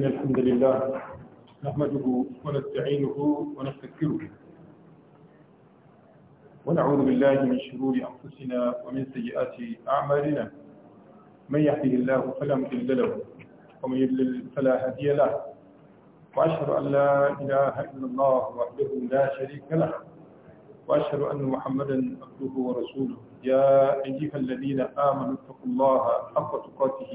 إن الحمد لله نحمده ونستعينه ونستكره ونعوذ بالله من شرور أنفسنا ومن سيئات أعمالنا من يهده الله فلا مضل له ومن يضلل فلا هادي له وأشهد أن لا إله إلا الله وحده لا شريك له وأشهد أن محمدا عبده ورسوله يا أيها الذين آمنوا اتقوا الله حق تقاته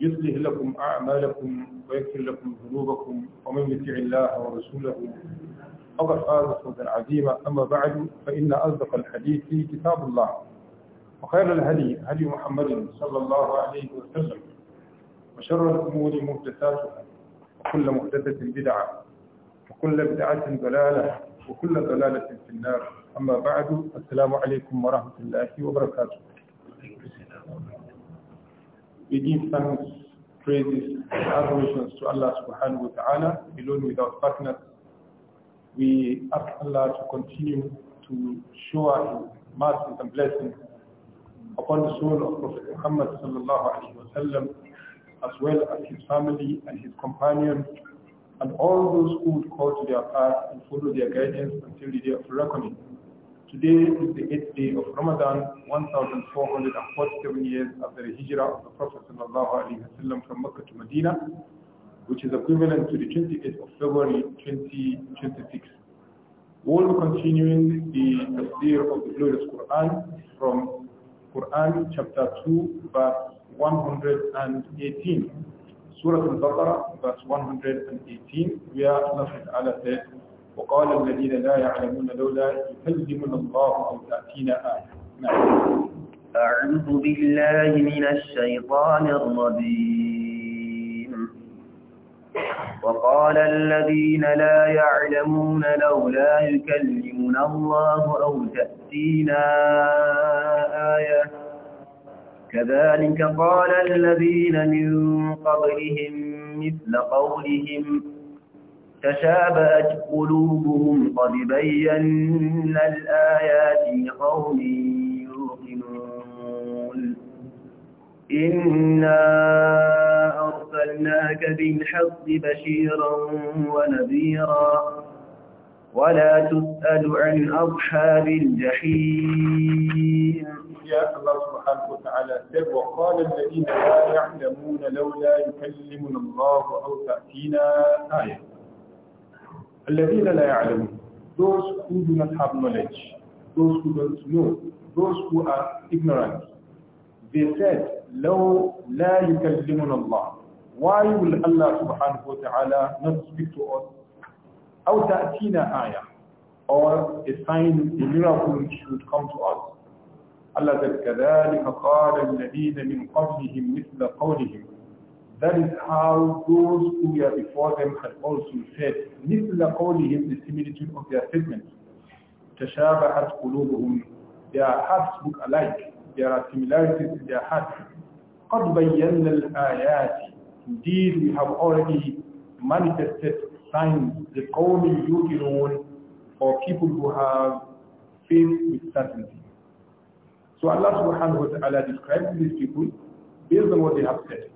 يصلح لكم أعمالكم ويغفر لكم ذنوبكم ومن يطع الله ورسوله فقد فاز فوزا عظيما أما بعد فإن أصدق الحديث في كتاب الله وخير الهدي هدي محمد صلى الله عليه وسلم وشر الأمور محدثاتها وكل محدثة بدعة وكل بدعة ضلالة وكل ضلالة في النار أما بعد السلام عليكم ورحمة الله وبركاته We give thanks, praises, and adorations to Allah subhanahu wa ta'ala, alone without partners. We ask Allah to continue to shower His mercies and blessings upon the soul of Prophet Muhammad sallallahu alaihi wasallam, as well as his family and his companions, and all those who would call to their path and follow their guidance until the day of reckoning. Today is the eighth day of Ramadan, 1,447 years after the hijrah of the Prophet ﷺ from Mecca to Medina, which is equivalent to the 28th of February 2026. We'll be continuing the tafsir of the glorious Quran from Quran chapter 2 verse 118. Surah Al-Baqarah verse 118 where Allah said وقال الذين لا يعلمون لولا يكلمنا الله أو تأتينا آية نعم أعوذ بالله من الشيطان الرجيم وقال الذين لا يعلمون لولا يكلمنا الله أو تأتينا آية كذلك قال الذين من قبلهم مثل قولهم تشابهت قلوبهم قد بينا الآيات لقوم يوقنون إنا أرسلناك بالحق بشيرا ونذيرا ولا تسأل عن أصحاب الجحيم يا الله سبحانه وتعالى سر وقال الذين لا يعلمون لولا يكلمنا الله أو تأتينا آية Those who do not have knowledge, those who don't know, those who are ignorant. They said, لَوْ la يُكَلِّمُنَ Allah." Why will Allah subhanahu wa ta'ala not speak to us? أَوْ تَأْتِينَ آيَةً Or a sign, a miracle should come to us. Allah said, كَذَلِكَ قَالَ الَّذِينَ مِنْ قَبْلِهِمْ مِثْلَ قَوْلِهِمْ that is how those who were before them had also said. مثل قولهم the similitude of their statements. Their hearts look alike. There are similarities in their hearts. قد بينا الآيات Indeed, we have already manifested signs لقوم يوقنون for people who have faith with certainty. So Allah subhanahu wa ta'ala describes these people based on what they have said.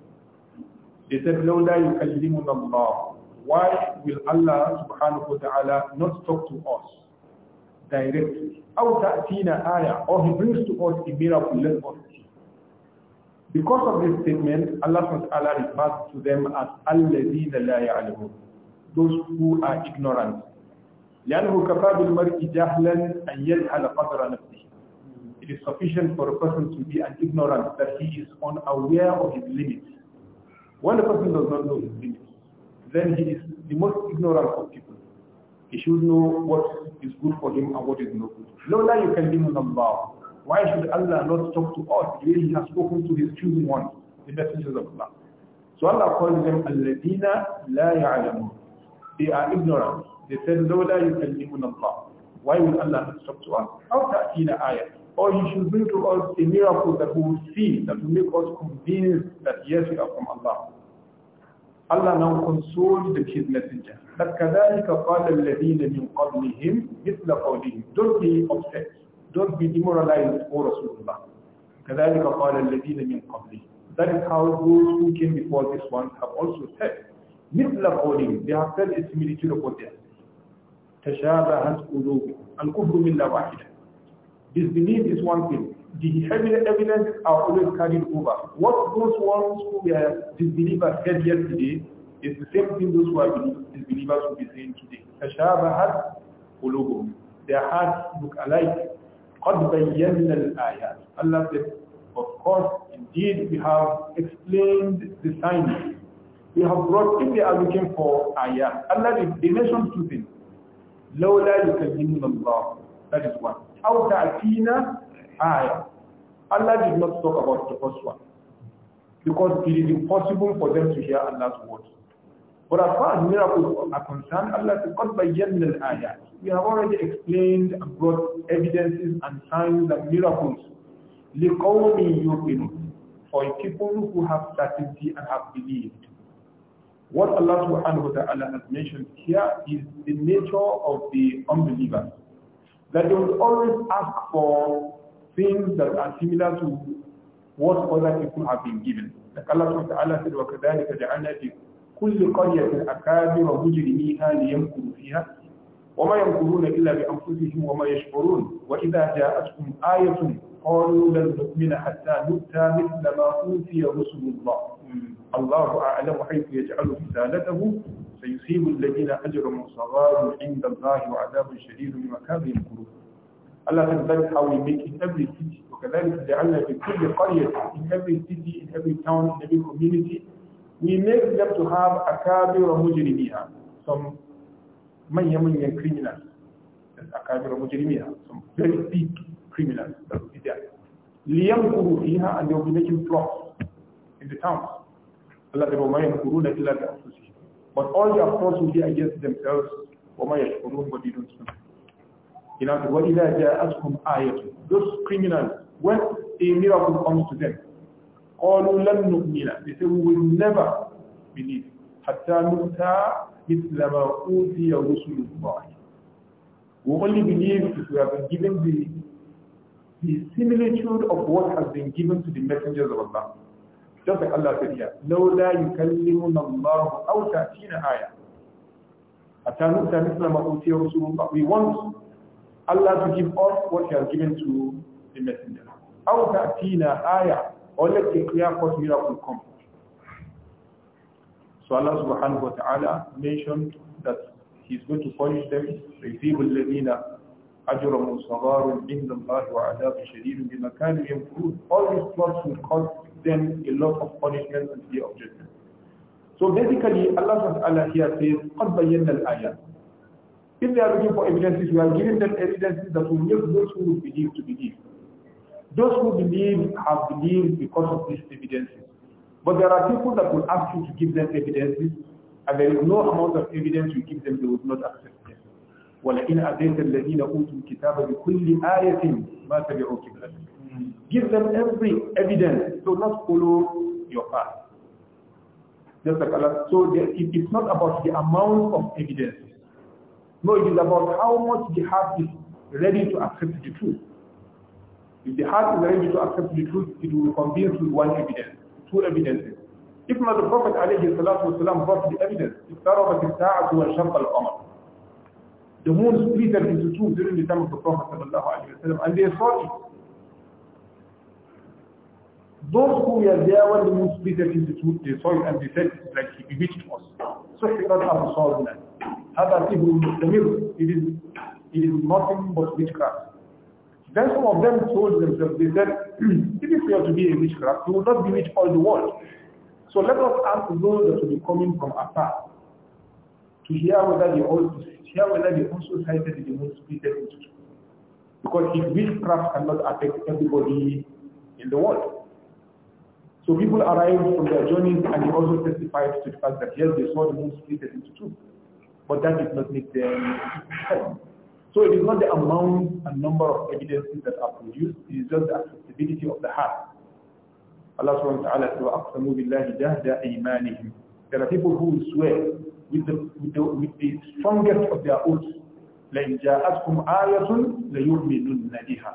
They said, لَوْلَا يُكَلِّمُنَ اللَّهُ Why will Allah subhanahu wa ta'ala not talk to us directly? أَوْ تَأْتِينَ آيَةً Or He brings to us a miracle, let us see. Because of this statement, Allah subhanahu wa ta'ala refers to them as الَّذِينَ لَا يَعْلَمُونَ Those who are ignorant. لأنه كفى بالمرء جهلا أن يجهل قدر نفسه it is sufficient for a person to be an ignorant that he is unaware of his limits. When the person does not know his limits, then he is the most ignorant of people. He should know what is good for him and what is not good. Lola you can limit Allah. Why should Allah not talk to us the way He has spoken to His chosen ones, the messengers of Allah? So Allah calls them al-ladina la ya'lamun. They are ignorant. They said, Lola you can limit Allah. Why will Allah not talk to us? How ta'ina ayat? Or He should bring to us a miracle that we will see, that will make us convinced that yes, we are from Allah. Allah now consoled the kid messenger. But كَذَلِكَ قَالَ الَّذِينَ مِنْ قَبْلِهِمْ مِثْلَ قَوْلِهِمْ Don't be upset. Don't be demoralized, O Rasulullah. كَذَلِكَ قَالَ الَّذِينَ مِنْ قَبْلِهِمْ That is how those who came before this one have also said. مِثْلَ قَوْلِهِمْ They have said a similitude of what they have said. تَشَابَهَتْ قُلُوبِهِمْ الْكُفْرُ Disbelief is one thing the evidence are always carried over. What those ones who were disbelievers said yesterday is the same thing those who are disbelievers will be saying today. تشابهت قلوبهم. Their hearts look alike. قد بينا الآيات. Allah said, of course, indeed we have explained the signs. We have brought, if they are looking for Ayat. Allah, they mentioned two things. لولا يكلمنا الله. That is one. أو تأتينا ayah, Allah did not talk about the first one because it is impossible for them to hear Allah's words. But as far as miracles are concerned, Allah said, by general ayah. We have already explained and brought evidences and signs and miracles لِقَوْمِ يُؤْمِنُونَ For people who have certainty and have believed. What Allah subhanahu wa ta'ala has mentioned here is the nature of the unbelievers. That they will always ask for things that are similar to what other people have been given. Like Allah subhanahu wa ta'ala said, وَكَذَلِكَ جَعَلْنَا فِي كُلِّ قَرْيَةٍ أَكَابِرَ مُجْرِمِيهَا لِيَمْكُرُوا فِيهَا وما يمكرون إلا بأنفسهم وما يشعرون وإذا جاءتهم آية قالوا لن نؤمن حتى نؤتى مثل ما أوتي رسل الله الله أعلم حيث يجعل رسالته سيصيب الذين أجرموا صغار عند الله وعذاب شديد بما كانوا يمكرون Allah said that is how we make in every city. that is the جَعَلْنَا In every قَرْيَةٍ In every city, in every town, in every community, we make them to have akabir mujrimiha, some manya-manyan criminals. That's akabir mujrimiha, some very big criminals that will be there. لِيَمْكُرُوا فِيهَا And they will be making plots in the towns. Allah said, وَمَا يَمْكُرُونَ إِلَّا بِأَنفُسِهِمْ But all their plots will be against themselves. وَمَا يَشْكُرُونَ But they don't know. You know, وَإِذَا جَاءَتْهُمْ آيَةٌ Those criminals, when a miracle comes to them, قَالُوا لَنْ نُؤْمِنَ They say, we will never believe. حَتَّى نُؤْتَى مِثْلَ مَا أُوتِيَ رُسُلُ اللَّهِ We only believe if we have been given the, the similitude of what has been given to the messengers of Allah. Just like Allah said here, لَوْلَا يُكَلِّمُنَ اللَّهُ أَوْ تَأْتِينَ آيَةٌ حَتَّى نُؤْتَى مِثْلَ مَا أُوتِيَ رُسُلُ اللَّهِ We want Allah to give us what He has given to the messenger. أو تأتينا آية or let a clear-cut miracle come. So Allah subhanahu wa ta'ala mentioned that He's going to punish them. رَيْثِيبُ الَّذِينَ أَجْرَمُوا صَغَارٌ عِنْدَ اللَّهِ وَعَذَابُ شَدِيدٌ بِمَا كَانُوا يَمْكُرُونَ All these plots will cause them a lot of punishment and fear of judgment. So basically, Allah subhanahu wa ta'ala here says, قَدْ بَيَّنَّ الْآيَاتِ if they are looking for evidences, we are giving them evidences that will make those who believe to believe. Those who believe have believed because of these evidences. But there are people that will ask you to give them evidences, and there is no amount of evidence you give them, they would not accept them. وَلَئِنْ أَتَيْتَ الَّذِينَ أُوتُوا الْكِتَابَ بِكُلِّ آيَةٍ مَا تَبِعُوا قِبْلَتَكَ Give them every evidence, so not follow your path. Just like Allah. So it's not about the amount of evidences. No, it is about how much the heart is ready to accept the truth. If the heart is ready to accept the truth, it will convince with one evidence, two evidences. If not, the Prophet والسلام, brought the evidence. The moon split into two during the time of the Prophet وسلم, and they saw it. Those who were there when the moon split into two, they saw it and they said, like he bewitched us. So he got that other people the mirror. It is, it is nothing but witchcraft. Then some of them told themselves, they said, if you fail to be a witchcraft, you will not bewitch all the world. So let us ask those that will be coming from afar to hear whether they also hear whether they also cited the most into institute. Because if witchcraft cannot affect everybody in the world. So people arrived from their journeys and they also testified to the fact that yes, they saw the most into institute. But that does not make them So it is not the amount and number of evidences that are produced, it is just the accessibility of the heart. Allah subhanahu wa ta'ala says, وَأَقْسَمُوا بِاللَّهِ جَهْدَ أَيْمَانِهِمْ There are people who swear with the, with the, with the strongest of their oaths, لَإِنْ جَاءَتْكُمْ آيَةٌ لَيُؤْمِنُنَّ بِهَا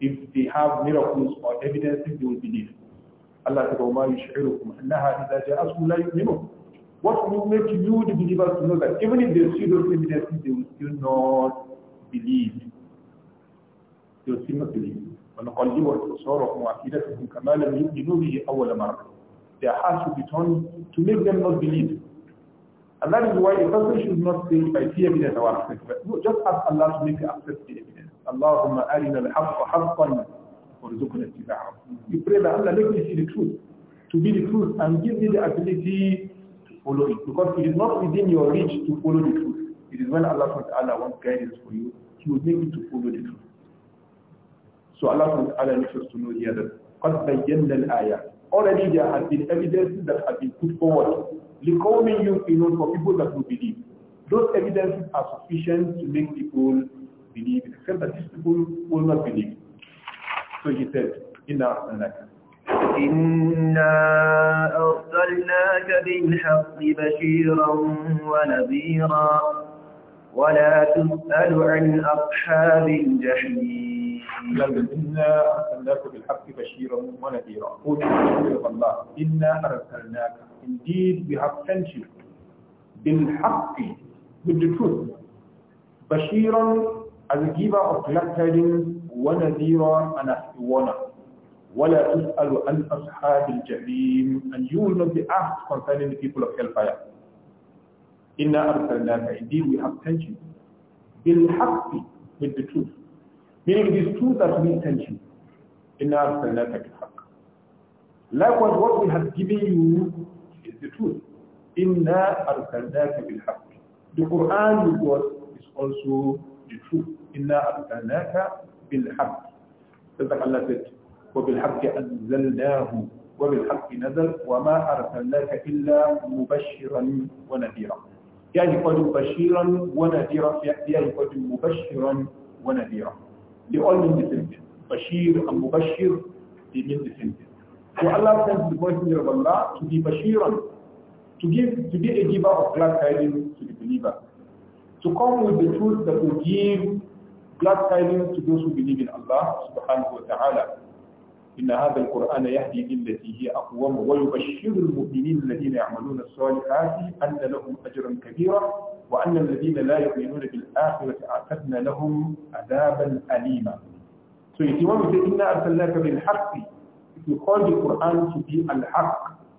If they have miracles or evidences, they will believe. Allah says, وَمَا يُشْعِرُكُمْ أَنَّهَا إِذَا جَاءَتْكُمْ لَا يُؤْمِنُونَ what will make you, the believers, to know that even if they see those evidences, they will still not believe. They will still not believe. ونقلب أبصارهم وأفئدتهم كما لم يؤمنوا به أول مرة. Their hearts will be turned to make them not believe. And that is why a person should not say, if I see evidence, or will accept it. No, just ask Allah to make you accept the evidence. اللهم أرنا الحق حقا وارزقنا اتباعه. You pray that Allah make me see the truth, to be the truth, and give me the ability follow it because it is not within your reach to follow the truth. It is when Allah SWT wants guidance for you, He will make you to follow the truth. So Allah SWT makes us to know here that قَدْ بَيَّنَّ الْآيَةِ Already there has been evidences that have been put forward. you know, for people that will believe. Those evidences are sufficient to make people believe, except that these people will not believe. So he said, إِنَّا أَرْسَلْنَاكَ إنا أرسلناك بالحق بشيرا ونذيرا ولا تسأل عن أصحاب الجحيم إنا أرسلناك بالحق بشيرا ونذيرا قل الله إنا أرسلناك indeed we have sent you بالحق with the truth بشيرا as a giver of glad tidings ونذيرا and as a warner وَلَا تُسْأَلُ أَنْ أَصْحَابِ الْجَحِيمِ And you will not be asked concerning the people of hellfire. إِنَّا أَرْسَلْنَاكَ Indeed, we have sent you. بِالْحَقِّ With the truth. Meaning it is true that we sent you. إِنَّا أَرْسَلْنَاكَ بِالْحَقِّ Likewise, what we have given you is the truth. إِنَّا أَرْسَلْنَاكَ بِالْحَقِّ The Quran you got is also the truth. إِنَّا أَرْسَلْنَاكَ بِالْحَقِّ That's what Allah said. وبالحق أنزلناه وبالحق نزل وما أرسلناك إلا مبشرا ونذيرا يعني قد بشيرا ونذيرا يعني قد مبشرا ونذيرا لأول من دسنتين بشير أم مبشر they mean the same thing. So Allah sends the Messenger of Allah to be Bashiran, to give to be a giver of glad tidings to the believer, to come with the truth that will give glad tidings to those who believe in Allah subhanahu wa ta'ala. إن هذا القرآن يهدي للتي هي أقوم ويبشر المؤمنين الذين يعملون الصالحات أن لهم أجرا كبيرا وأن الذين لا يؤمنون بالآخرة أعتدنا لهم عذابا أليما. So if you want to say إنا أرسلناك بالحق if you call the Quran to be al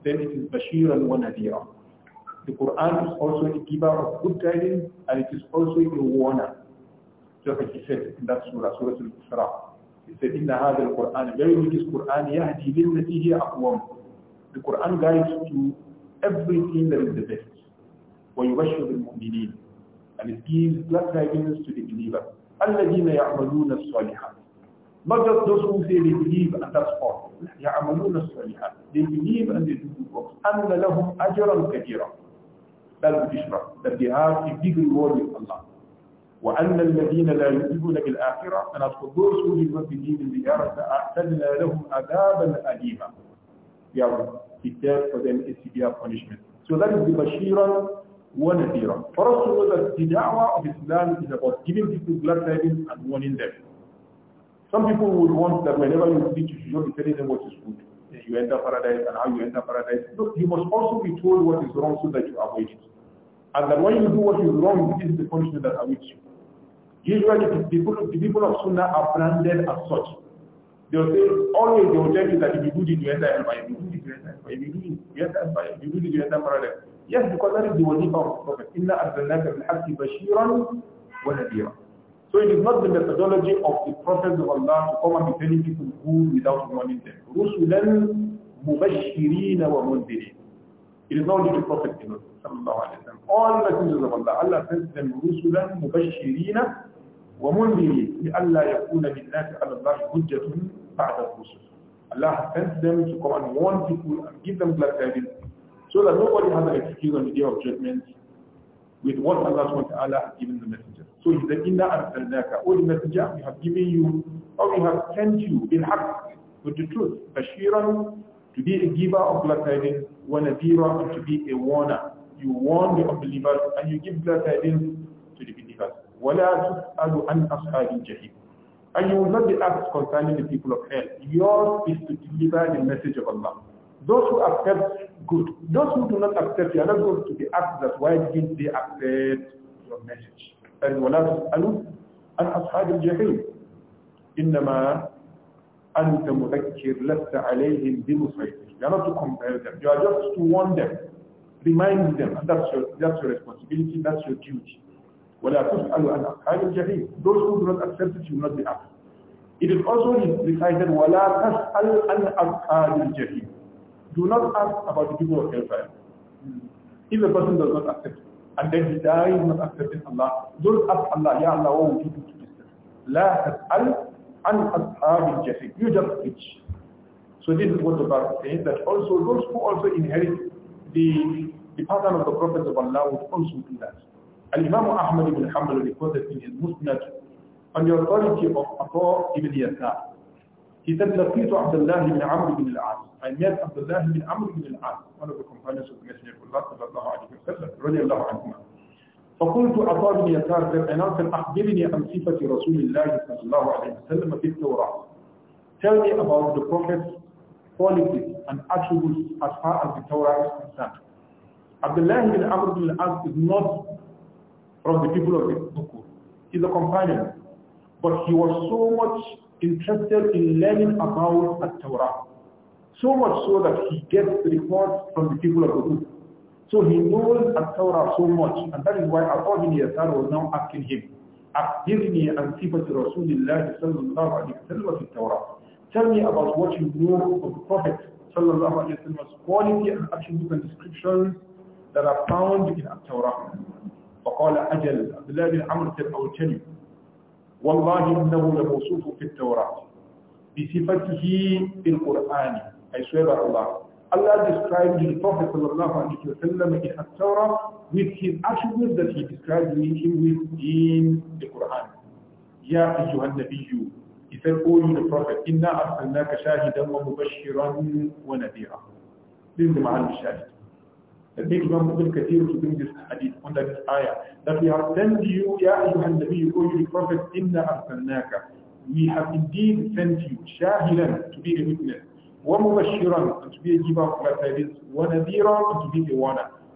then it is بشيرا ونذيرا The Quran is also a giver of good tidings and it is also a warner. So, like he said in that surah, Surah Al-Isra. إن هذا القرآن غير this القرآن يهدي للتي هي أقوام القرآن guides to everything that is the best ويبشر المؤمنين and it gives black guidance to the believer الذين يعملون الصالحات Not just those who say they believe and that's all. يعملون الصالحات. They believe and they do good works. أن لهم أجرا كثيرا. That's the bishra. That they have a big reward with Allah. وأن الذين لا يؤمنون بالآخرة and as for those who do not believe in the Akhirah أعتدنا لهم عذابا أليما we have prepared for them a punishment so that is the بشيرا ونذيرا for us to know that the da'wah of Islam is about giving people glad tidings and warning them some people would want that whenever you preach you should be telling them what is good you enter paradise and how you enter paradise no, you must also be told what is wrong so that you avoid it and that when you do what is wrong, this is the punishment that awaits you. Usually the people, the people of Sunnah are branded as such. They'll say, always they will tell you that if you do this, you enter Empire. If you do this, you enter Empire. If you do this, you enter Empire. If you do this, you enter Paradise. Yes, because that is the wadifa of the Prophet. إِنَّا أَرْسَلْنَاكَ بِالْحَقِّ بَشِيرًا وَنَذِيرًا So it is not the methodology of the Prophet of Allah to come and be telling people who without warning them. رُسُلًا wa وَمُنْذِرِينَ It is not only the Prophet All messengers of Allah, Allah sends them رُسُلًا مُبَشِّرِينَ وَمُنْذِرِينَ لِأَلَّا يَكُونَ لِلنَّاسِ عَلَى اللَّهِ حُجَّةٌ بَعْدَ الرُّسُلِ Allah sends them to come and warn people and give them glad tidings so that nobody has an excuse on the day of judgment with what Allah SWT has given the messenger. So he said, Inna arsalnaka, O the messenger, we have given you, or we have sent you, in haq, with the truth, bashiran To be a giver of glad-tidings, when a giver, and to be a warner. You warn the unbelievers and you give glad-tidings to the believers. وَلَا أَصْحَابِ And you will not be asked concerning the people of hell. Yours is to deliver the message of Allah. Those who accept, good. Those who do not accept, you are not going to be asked that why didn't they accept your message. And وَلَا تُسْأَلُ أَنْ أَصْحَابِ الْجَحِيمِ إِنَّمَا أنت مذكر لست عليهم بمسيطر You are not to compel them. You are just to warn them, remind them, and that's your, that's your responsibility, that's your duty. ولا تسأل عن أصحاب الجحيم. Those who do not accept it, you will not be asked. It is also recited, ولا تسأل عن أصحاب الجحيم. Do not ask about the people of hellfire. If a person does not accept it, and then he dies not accepting Allah, don't ask Allah, Ya Allah, what would you do to this person? لا تسأل an ashabil jahim. You just preach. So this is what the verse says, that also those who also inherit the, the pattern of the Prophet of Allah would also do that. Al-Imam Ahmad ibn Hanbal reported in his Musnad on the authority of Abu ibn Yasar. He said, لَقِيتُ عَبْدَ اللَّهِ Amr عَمْرِ Al As I met Abdullah ibn Amr ibn al-As, one of the companions of the Messenger of Allah sallallahu alayhi wa radiallahu anhu. فقلت عطاء بن أناس أخبرني عن صفة رسول الله صلى الله عليه وسلم في التوراة. Tell me about the prophet's qualities and attributes as far as the Torah is concerned. Abdullah bin Amr bin al-As is not from the people of the Book He's a companion. But he was so much interested in learning about the Torah. So much so that he gets reports from the people of the Book. So he knows Al-Tawrah so much, and that is why Abu bin Yasar was now asking him, أخبرني عن صفة رسول الله صلى الله عليه وسلم في Tell me about what you know of the Prophet صلى الله عليه وسلم's quality and attributes and descriptions that are found in التوراة. فقال أجل عبد الله بن عمرو بن أوتني والله إنه لموصوف في التوراة بصفته في القرآن. I swear by Allah described the Prophet وسلم, in the torah with his attributes that he described him with in the Quran. Ya ayyuhan nabiyyu. He said, O you the Prophet, inna arsalnaka shahidan wa mubashiran wa nadira. This is the Mahal Shahid. That makes Imam Ibn Kathir to bring this hadith under this ayah. That we have sent you, Ya ayyuhan nabiyyu, O you the Prophet, inna arsalnaka. We have indeed sent you, shahidan, to be a witness. ومبشرا and to be a giver ونذيرا and to be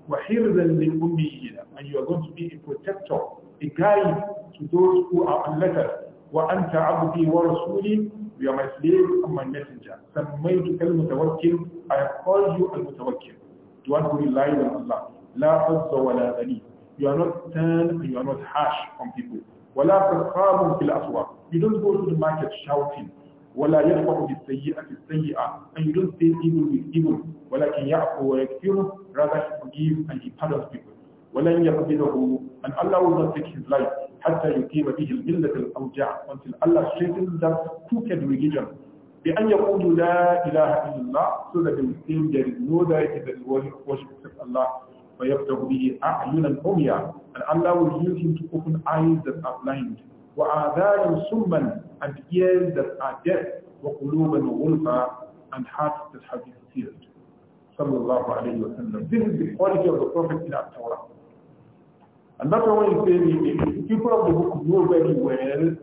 وحرزا للأميين and you are going to be a protector a guide to those who are unlettered وأنت عبدي ورسولي you are my slave and my messenger سميتك المتوكل I have called you المتوكل the one who relies on Allah لا عز ولا ذليل you are not stern and you are not harsh on people ولا تخاب في الأسواق you don't go to the market shouting ولا بالسيئة السيئة and you don't say evil with evil ولكن يعفو ويكفره rather he forgive and he pardons people ولن يقبله and Allah will not take his life حتى يقيم به الملة الأوجاع until Allah straightens that crooked religion بأن يقولوا لا إله إلا الله so that they will say there is no deity that is worship except Allah به and Allah will use him to open eyes that are blind وَآذَانٌ سُمَّا and ears that are deaf, وَقُلُوبًا غُلْفًا and hearts that have been sealed. Sallallahu alayhi wa sallam. This is the quality of the Prophet in our Torah. And that's why he the people of the book know very well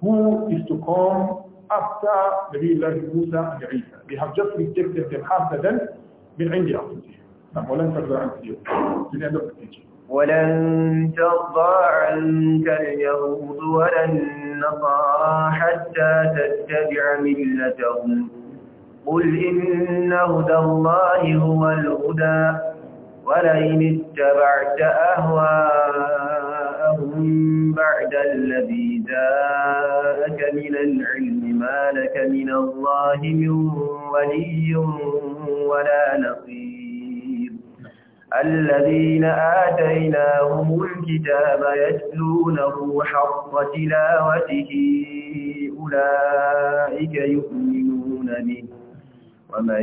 who is to come after the real Nabi Musa and Isa. They have just rejected them after them, من عند أنفسهم. نعم ولن ترضى عن سيوم. To the end ولن ترضى عنك اليهود ولا النصارى حتى تتبع ملتهم قل إن هدى الله هو الهدى ولئن اتبعت أهواءهم بعد الذي جاءك من العلم ما لك من الله من ولي ولا نصير الذين آتيناهم الكتاب يتلونه حق تلاوته أولئك يؤمنون به ومن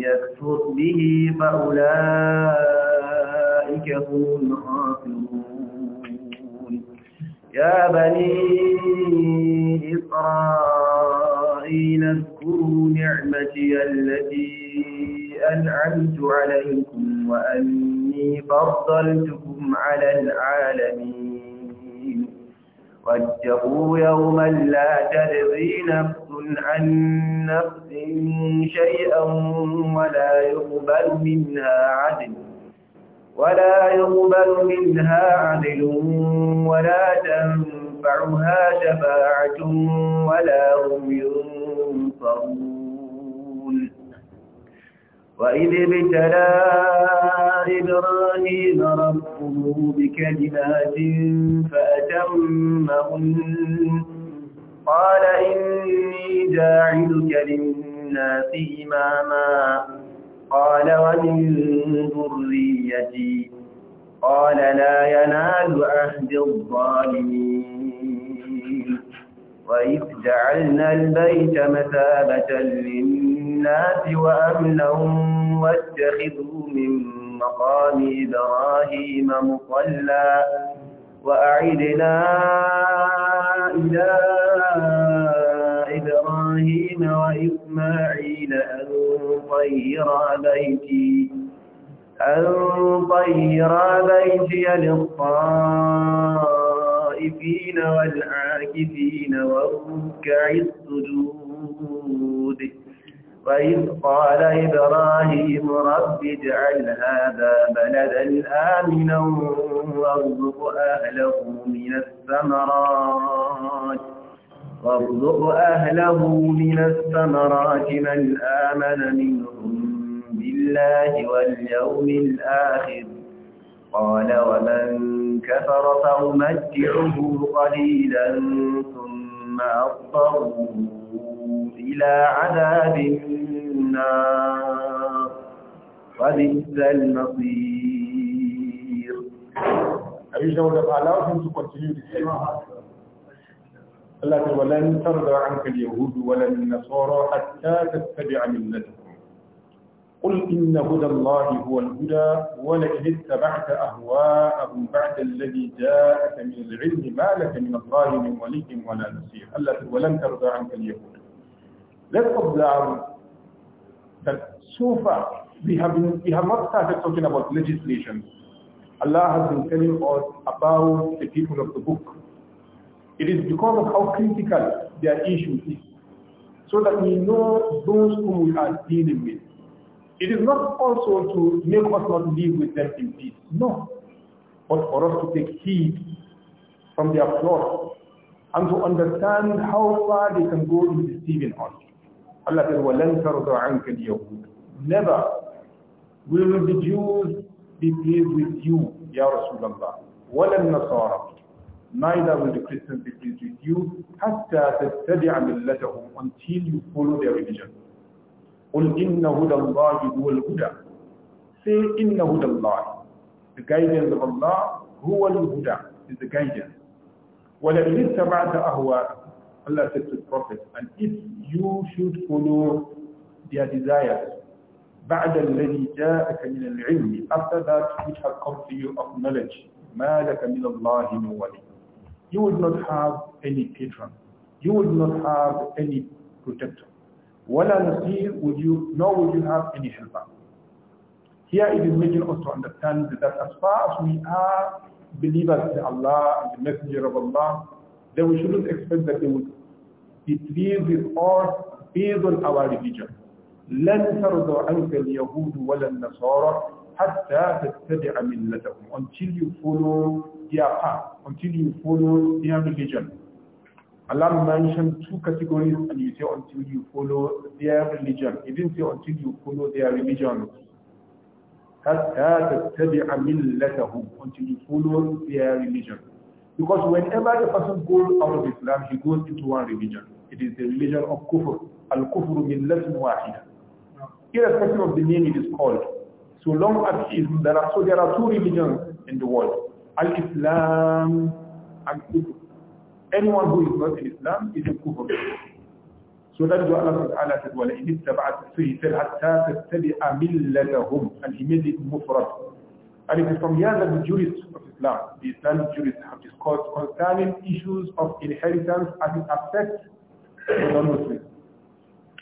يكفر به فأولئك هم الخاسرون يا بني إسرائيل اذكروا نعمتي التي أنعمت عليكم وأني فضلتكم على العالمين واتقوا يوما لا تجزي نفس عن نفس شيئا ولا يقبل منها عدل ولا يقبل منها عدل ولا تنفعها شفاعة ولا هم ينصرون وإذ ابتلى إبراهيم ربه بكلمات فأتمهن قال إني جاعلك للناس إماما قال ومن ذريتي قال لا ينال عهد الظالمين وإذ جعلنا البيت مثابة للناس الناس وأمنا واتخذوا من مقام إبراهيم مصلى وأعدنا إلى إبراهيم وإسماعيل أن طير بيتي أن طير بيتي للطائفين والعاكفين والركع السجود وإذ قال إبراهيم رب اجعل هذا بلدا آمنا وارزق أهله من الثمرات وارزق أهله من الثمرات من آمن منهم بالله واليوم الآخر قال ومن كفر فأمتعه قليلا ثم أضطره إلى عذاب النار فبئس المصير الله ولن ترضى عنك اليهود ولا النصارى حتى تتبع ملتهم قل إن هدى الله هو الهدى ولئن اتبعت أهواءهم بعد الذي جاءك من العلم ما لك من الله من ولي ولا نصير الله ولن ترضى عنك اليهود Let's observe that so far we have, been, we have not started talking about legislation. Allah has been telling us about the people of the book. It is because of how critical their issue is, so that we know those whom we are dealing with. It is not also to make us not live with them in peace, no, but for us to take heed from their flaws and to understand how far they can go in deceiving us. Allah said, وَلَنْ تَرْضَ عَنْكَ Yahud. Never will the Jews be pleased with you, Ya Rasulullah. وَلَنْ نَصَارَ Neither will the Christians be pleased with you, حَتَّى تَتَّبِعَ مِلَّتَهُمْ Until you follow their religion. قُلْ إِنَّ هُدَى اللَّهِ هُوَ الْهُدَى Say, إِنَّ هُدَى اللَّهِ The guidance of Allah, هُوَ الْهُدَى is the guidance. وَلَئِنِ اتَّبَعْتَ أَهْوَاءَهُمْ Allah said to the Prophet, and if you should follow their desires, بعد الذي جاءك من العلم after that which has come to you of knowledge ما لك من الله من ولي you would not have any patron you would not have any protector ولا نصير would you nor would you have any helper here it is making us to understand that as far as we are believers in Allah and the Messenger of Allah then we shouldn't expect that they would be pleased with us based on our religion. لن ترضى عنك اليهود ولا النصارى حتى تتبع ملتهم until you follow their path, until you follow their religion. Allah mentioned two categories and you say until you follow their religion. He didn't say until you follow their religion. حتى تتبع ملتهم until you follow their religion. Because whenever a person goes out of Islam, he goes into one religion. It is the religion of kufr. Al-kufru min lasin wahida. Irrespective of the name it is called. So long as Islam, there are, so there are two religions in the world. Al-Islam and kufr. Anyone who is not in Islam is a kufr. So that is what Allah Ta'ala said, وَلَئِنِ اتَّبَعَتْ So he said, حَتَّى تَتَّبِعَ مِلَّتَهُمْ And he made it mufrat. And it is from here that the jurists of Islam. The Islamic jurists have discussed concerning issues of inheritance as it affects the non-Muslims.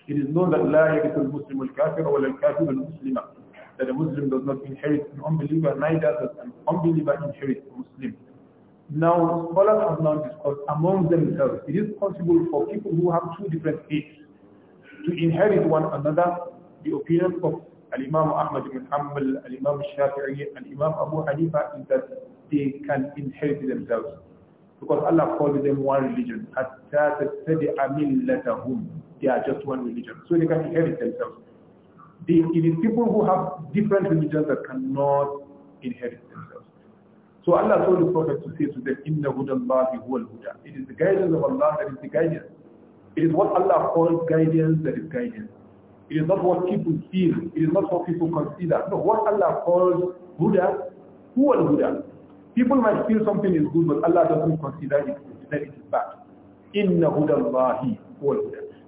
It is known that لا يرث المسلم الكافر ولا الكافر المسلم that a Muslim does not inherit an unbeliever, neither does an unbeliever inherit a Muslim. Now, scholars have now discussed among themselves, it is possible for people who have two different faiths to inherit one another the opinion of Al-Imam Ahmad ibn Hanbal, Al-Imam Shafi'i, Al-Imam Abu Hanifa is that they can inherit themselves. Because Allah called them one religion. They are just one religion. So they can inherit themselves. it is people who have different religions that cannot inherit themselves. So Allah told the Prophet to say to them, Inna hudallahi huda. It is the guidance of Allah that is the guidance. It is what Allah calls guidance that is guidance. It is not what people feel. It is not what people consider. No, what Allah calls huda, huwal huda? People might feel something is good, but Allah doesn't consider it good, it is bad. Inna hudallahi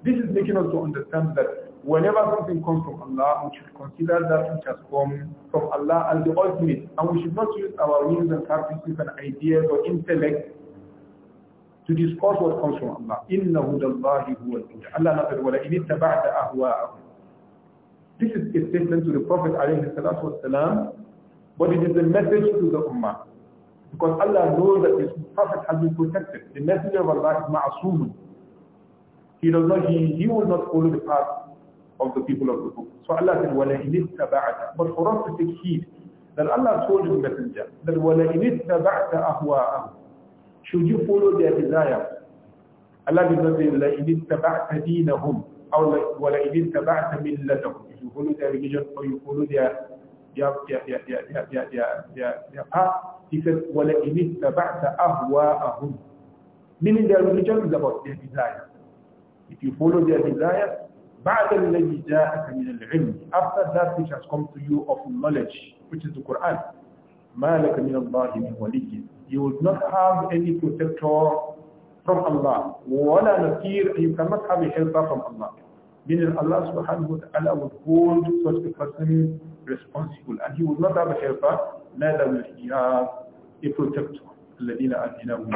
This is making us to understand that whenever something comes from Allah, we should consider that which has come from Allah as the ultimate. And we should not use our means and caprices and ideas or intellect to discuss what comes from Allah. Inna hudallahi Allah said, وَلَئِنِ اتَّبَعْتَ أَهْوَاءَهُمْ This is a statement to the Prophet ﷺ, but it is a message to the Ummah. Because Allah knows that His Prophet has been protected. The Messenger of Allah is ma'asum. He does not, he, he will not follow the path of the people of the book. So Allah said, وَلَئِنِ اتَّبَعَتَ But for us to take heed that Allah told the Messenger that وَلَئِنِ اتَّبَعْتَ أَهْوَاءَهُ Should you follow their desire? Allah did not say, لَئِنِ اتَّبَعْتَ دِينَهُمْ or وَلَئِنِ اتَّبَعْتَ مِلَّتَهُم If you follow their religion or you follow their يا يا يا يا يا يا يا يا يا آه يقول ولئن اتبعت أهواءهم meaning their religion is about their desire if you follow their desire بعد الذي جاءك من العلم after that which has come to you of knowledge which is the Quran ما لك من الله من ولي you will not have any protector from Allah ولا نكير you cannot have a helper from Allah meaning Allah subhanahu wa ta'ala would hold such a person responsible and he will not have a helper, neither will he have a protector. الذين آتيناهم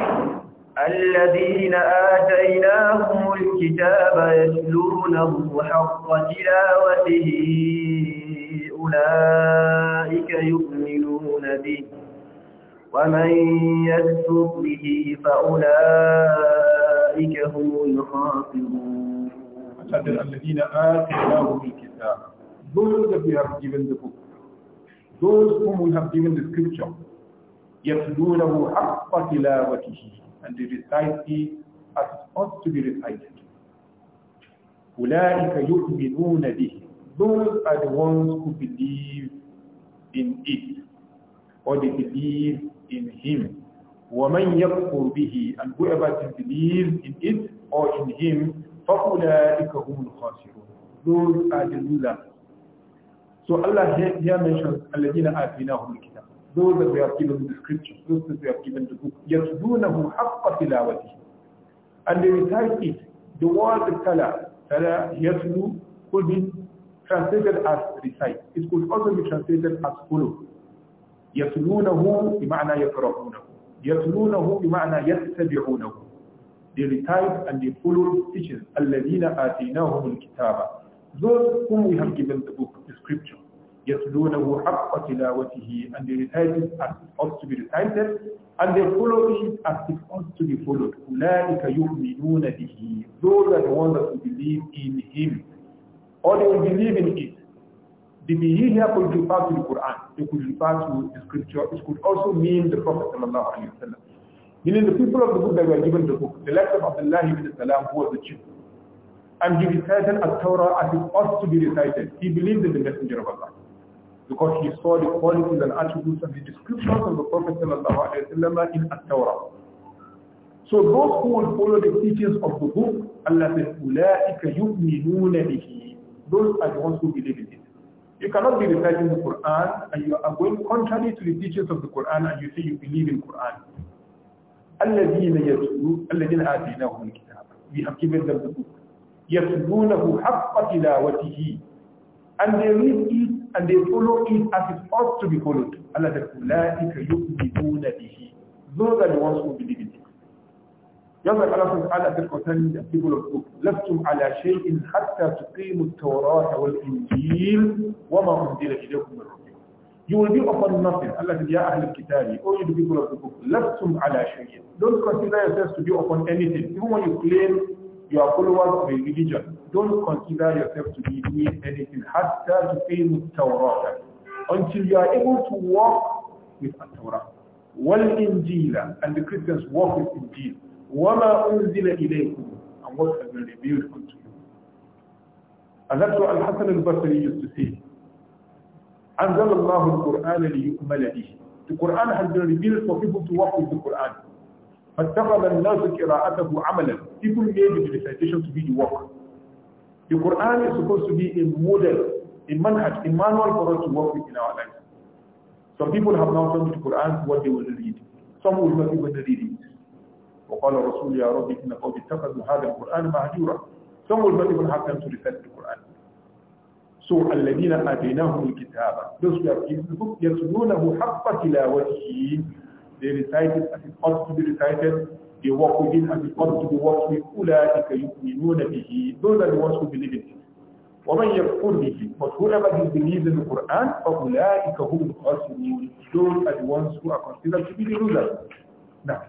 الذين آتيناهم الكتاب يتلونه حق تلاوته أولئك يؤمنون به ومن يكفر به فأولئك هم الخاسرون الذين آتيناهم الكتاب those that we have given the book, those whom we have given the scripture, يَتْلُونَهُ حَقَّ تِلَاوَتِهِ And they recite it as it ought to be recited. أُولَٰئِكَ يُؤْمِنُونَ بِهِ Those are the ones who believe in it, or they believe in Him. وَمَنْ بِهِ And whoever believes in it or in Him, فَأُولَٰئِكَ هُمُ الْخَاسِرُونَ Those are the losers. So Allah here, here mentions Alladina Atinahum kitab Those that we have given the scripture, those that we have given the book, يَتْدُونَهُ حَقَّ تِلَاوَتِهِ And they recite it, the word tala, tala yatlu could be translated as recite. It could also be translated as follow. يَتْلُونَهُ بِمَعْنَى يَقْرَؤُونَهُ يَتْلُونَهُ بِمَعْنَى يَتَّبِعُونَهُ They recite and they follow the الَّذِينَ آتِينَاهُمُ الْكِتَابَ those whom we have given the book, the scripture. يَتْلُونَهُ حَقَّ تِلَاوَتِهِ And they recite it as it ought to be recited, and they follow it as it ought to be followed. أُولَٰئِكَ يُؤْمِنُونَ بِهِ Those are the ones that will believe in Him, or they will believe in it. The belief here could refer to the Quran, it could refer to the scripture, it could also mean the Prophet Meaning the people of the book that were given the book, the letter of Abdullah ibn Salam who was the chief and he recited a Torah as it ought to be recited. He believed in the Messenger of Allah because he saw the qualities and attributes and the descriptions of the Prophet ﷺ in At-Torah. So those who will follow the teachings of the book, Allah Those are the ones who believe in it. You cannot be reciting the Quran and you are going contrary to the teachings of the Quran and you say you believe in Quran. We have given them the book. يتلونه حق تلاوته and they read it and they follow it as it ought to be followed Allah said أولئك يؤمنون به those are the ones who believe in it just like Allah Ta'ala said concerning the people of book لستم على شيء حتى تقيموا التوراة والإنجيل وما أنزل إليكم من ربكم You will be upon nothing. Allah said, Ya Ahl al-Kitabi, O you the people of the book, لستم على شيء. Don't consider yourselves to be upon anything. Even when you claim your followers of a religion. Don't consider yourself to be doing anything hatta with Torah until you are able to walk with a Torah. in Jila and the Christians walk with Injil. Wama unzila ilaykum and what has been revealed unto you. And that's what al Hassan al-Basri used to say. أنزل الله القرآن ليؤمل به. The Quran has been revealed for people to walk with the Quran. فاتخذ الناس قراءته عملا people made the recitation to be the work. The Quran is supposed to be a model, a manhaj, a manual for us to work with in our lives. Some people have now turned to the Quran what they will read. Some will not even read it. وقال رَسُولُ يا رب إن قوم اتخذوا هذا القرآن مهجورا. Some will not even have time to recite the Quran. So الذين آتيناهم الكتاب those who have given the book يتلونه حق تلاوته they recite it as it ought to be recited بوقف أن القرض بوصف أولئك يؤمنون به دون الوصف بالابن ومن يكفر به whoever disbelieves in the فأولئك هم الخاسرون دون are the ones who are considered to نعم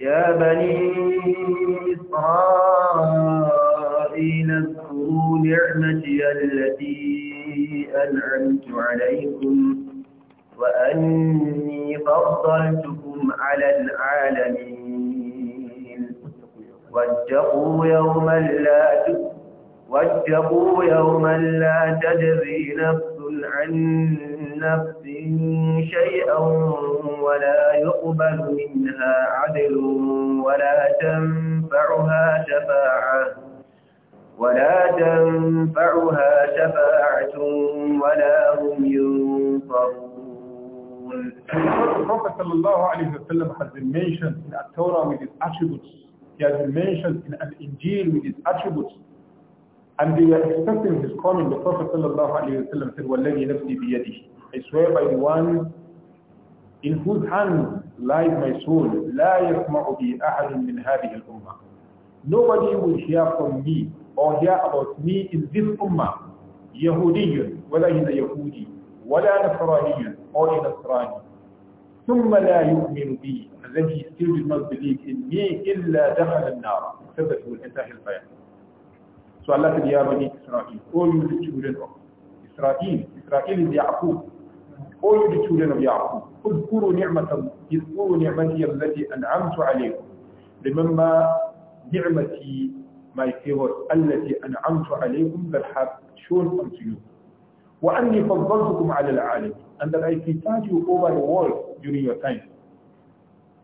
يا بني إسرائيل اذكروا نعمتي التي أنعمت عليكم وأني فضلتكم على العالمين واتقوا يوما لا واتقوا يوما لا تجزي نفس عن نفس شيئا ولا يقبل منها عدل ولا تنفعها شفاعة ولا تنفعها شفاعة ولا هم ينصرون. The Prophet sallallahu alayhi wa sallam has mentioned in At-Torah with his attributes He has been mentioned in an Injil with his attributes. And they were expecting his coming. The Prophet ﷺ said, وَالَّذِي نَفْسِي بِيَدِهِ I swear by the one in whose hand lies my soul. لَا يَسْمَعُ بِي أَحَدٌ مِّنْ هَذِهِ الْأُمَّةِ Nobody will hear from me or hear about me in this ummah. Yahudiyun, whether he's a Yahudi, وَلَا نَصْرَانِيٌّ or a Nasrani. ثم لا يؤمن بي الذي still did not believe in me إلا دخل النار except that he will enter hellfire so Allah said يا بني إسرائيل all you the children of Israel Israel is Yaqub all you the children of Yaqub اذكروا نعمة اذكروا نعمتي التي أنعمت عليكم remember نعمتي my favors التي أنعمت عليكم that have shown unto you وأني فضلتكم على العالم and that I preferred you over the world during your time.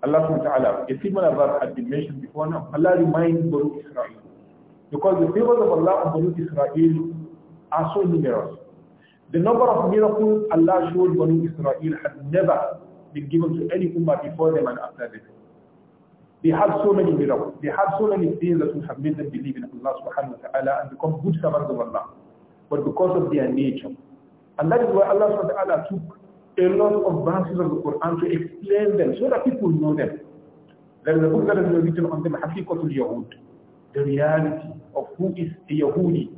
Allah ta'ala, a similar verse had been mentioned before now. Allah reminds Baruch Israel. Because the favors of Allah on Baruch Israel are so numerous. The number of miracles Allah showed Banu Israel had never been given to any ummah before them and after them. They had so many miracles. They had so many things that would have made them believe in Allah subhanahu wa ta'ala and become good servants of Allah. But because of their nature. And that is why Allah subhanahu wa ta'ala took a lot of verses of the Quran to explain them so that people know them. There is a book that has been written on them, Hakikatul Yahud, the reality of who is a Yahudi.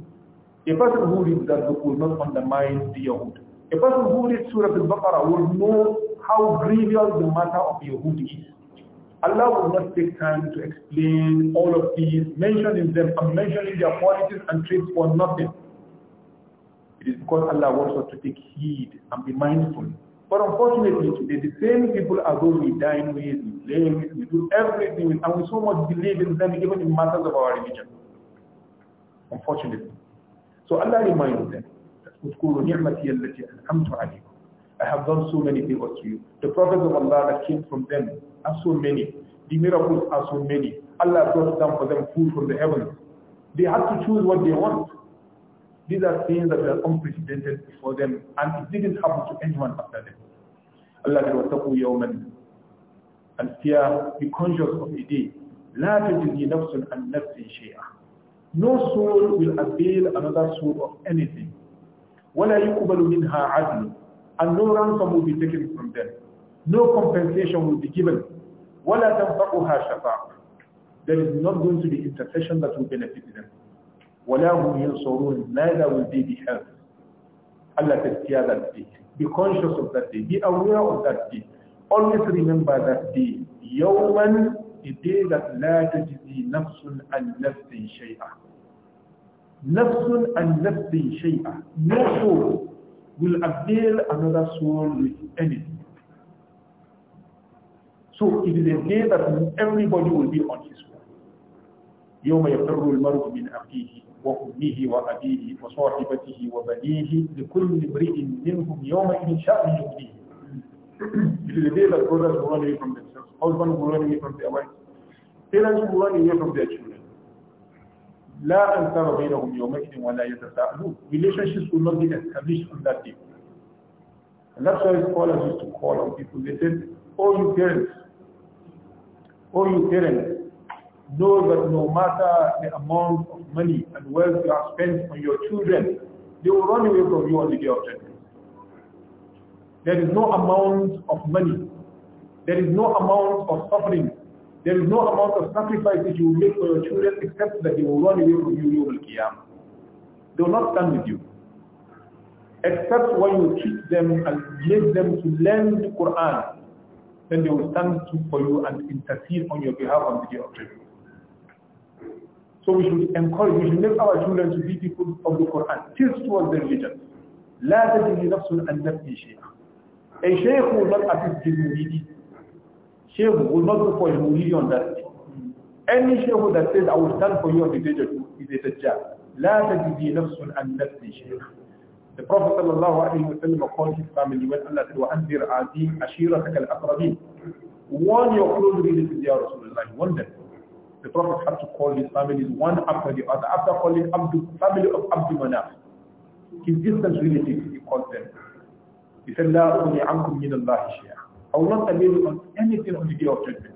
A person who reads that book will not undermine the Yahud. A person who reads Surah Al-Baqarah will know how grievous the matter of Yahudi is. Allah will not take time to explain all of these, mentioning them and mentioning their qualities and traits for nothing. It is because Allah wants us to take heed and be mindful but unfortunately, today the same people are those we dine with, we play with, we do everything with, and we so much believe in them even in matters of our religion. Unfortunately. So Allah reminds them that I have done so many favors to you. The prophets of Allah that came from them are so many. The miracles are so many. Allah brought down for them food from the heavens. They had to choose what they want. These are things that were unprecedented for them and it didn't happen to anyone after them. Allah said, وَاتَّقُوا يَوْمًا And fear, be conscious of the day. لَا تَجِزِي نَفْسٌ عَنْ نَفْسٍ شَيْئًا No soul will avail another soul of anything. وَلَا يُقْبَلُ مِنْهَا عَدْلٌ And no ransom will be taken from them. No compensation will be given. وَلَا تَنْفَقُهَا شَفَاعٌ There is not going to be intercession that will benefit them. And هم ينصرون will be Allah that day be conscious of that day be aware of that day always remember that day يوما the day that لا تجزي نفس عن نفس شيئا نفس عن نفس شيئا no soul will avail another soul with anything so it is a day that everybody will be on his own يوم يفر المرء من أخيه وأمه وأبيه وصاحبته وبنيه لكل امرئ منهم يومئذ شأن يغنيه The day that brothers will run away from themselves, husbands will run away from their wives, parents will run away from their children. لا أنكر بينهم يومئذ ولا يتساءلون. Relationships will not be established on that day. And that's why scholars used to call on people. They said, all you parents, all you parents, Know that no matter the amount of money and wealth you have spent on your children, they will run away from you on the day of judgment. There is no amount of money. There is no amount of suffering. There is no amount of sacrifice that you will make for your children except that they will run away from you Yawm al-Qiyamah. They will not stand with you. Except when you treat them and make them to learn the Quran, then they will stand for you and intercede on your behalf on the day of judgment. So we should encourage, we should make our children to be people of the Quran, tilt towards the religion. لا تجد نفس أن نفسي شيخ. A sheikh will not assist his muridi. Sheikh will not go for his muridi on that day. Any sheikh that says, I will stand for you on the day of is a tajjal. لا تجد نفس أن نفسي شيخ. The Prophet ﷺ called his family when Allah said, وَأَنذِرْ عَزِيمْ عَشِيرَتَكَ الْأَقْرَبِينَ Warn your close relatives, Ya Rasulullah, warn them. The Prophet had to call his families one after the other. After calling Abdul, family of Abdul Manaf, his distant relatives, he called them. He said, La uni ankum min Allah I will not avail you on anything on the day of judgment.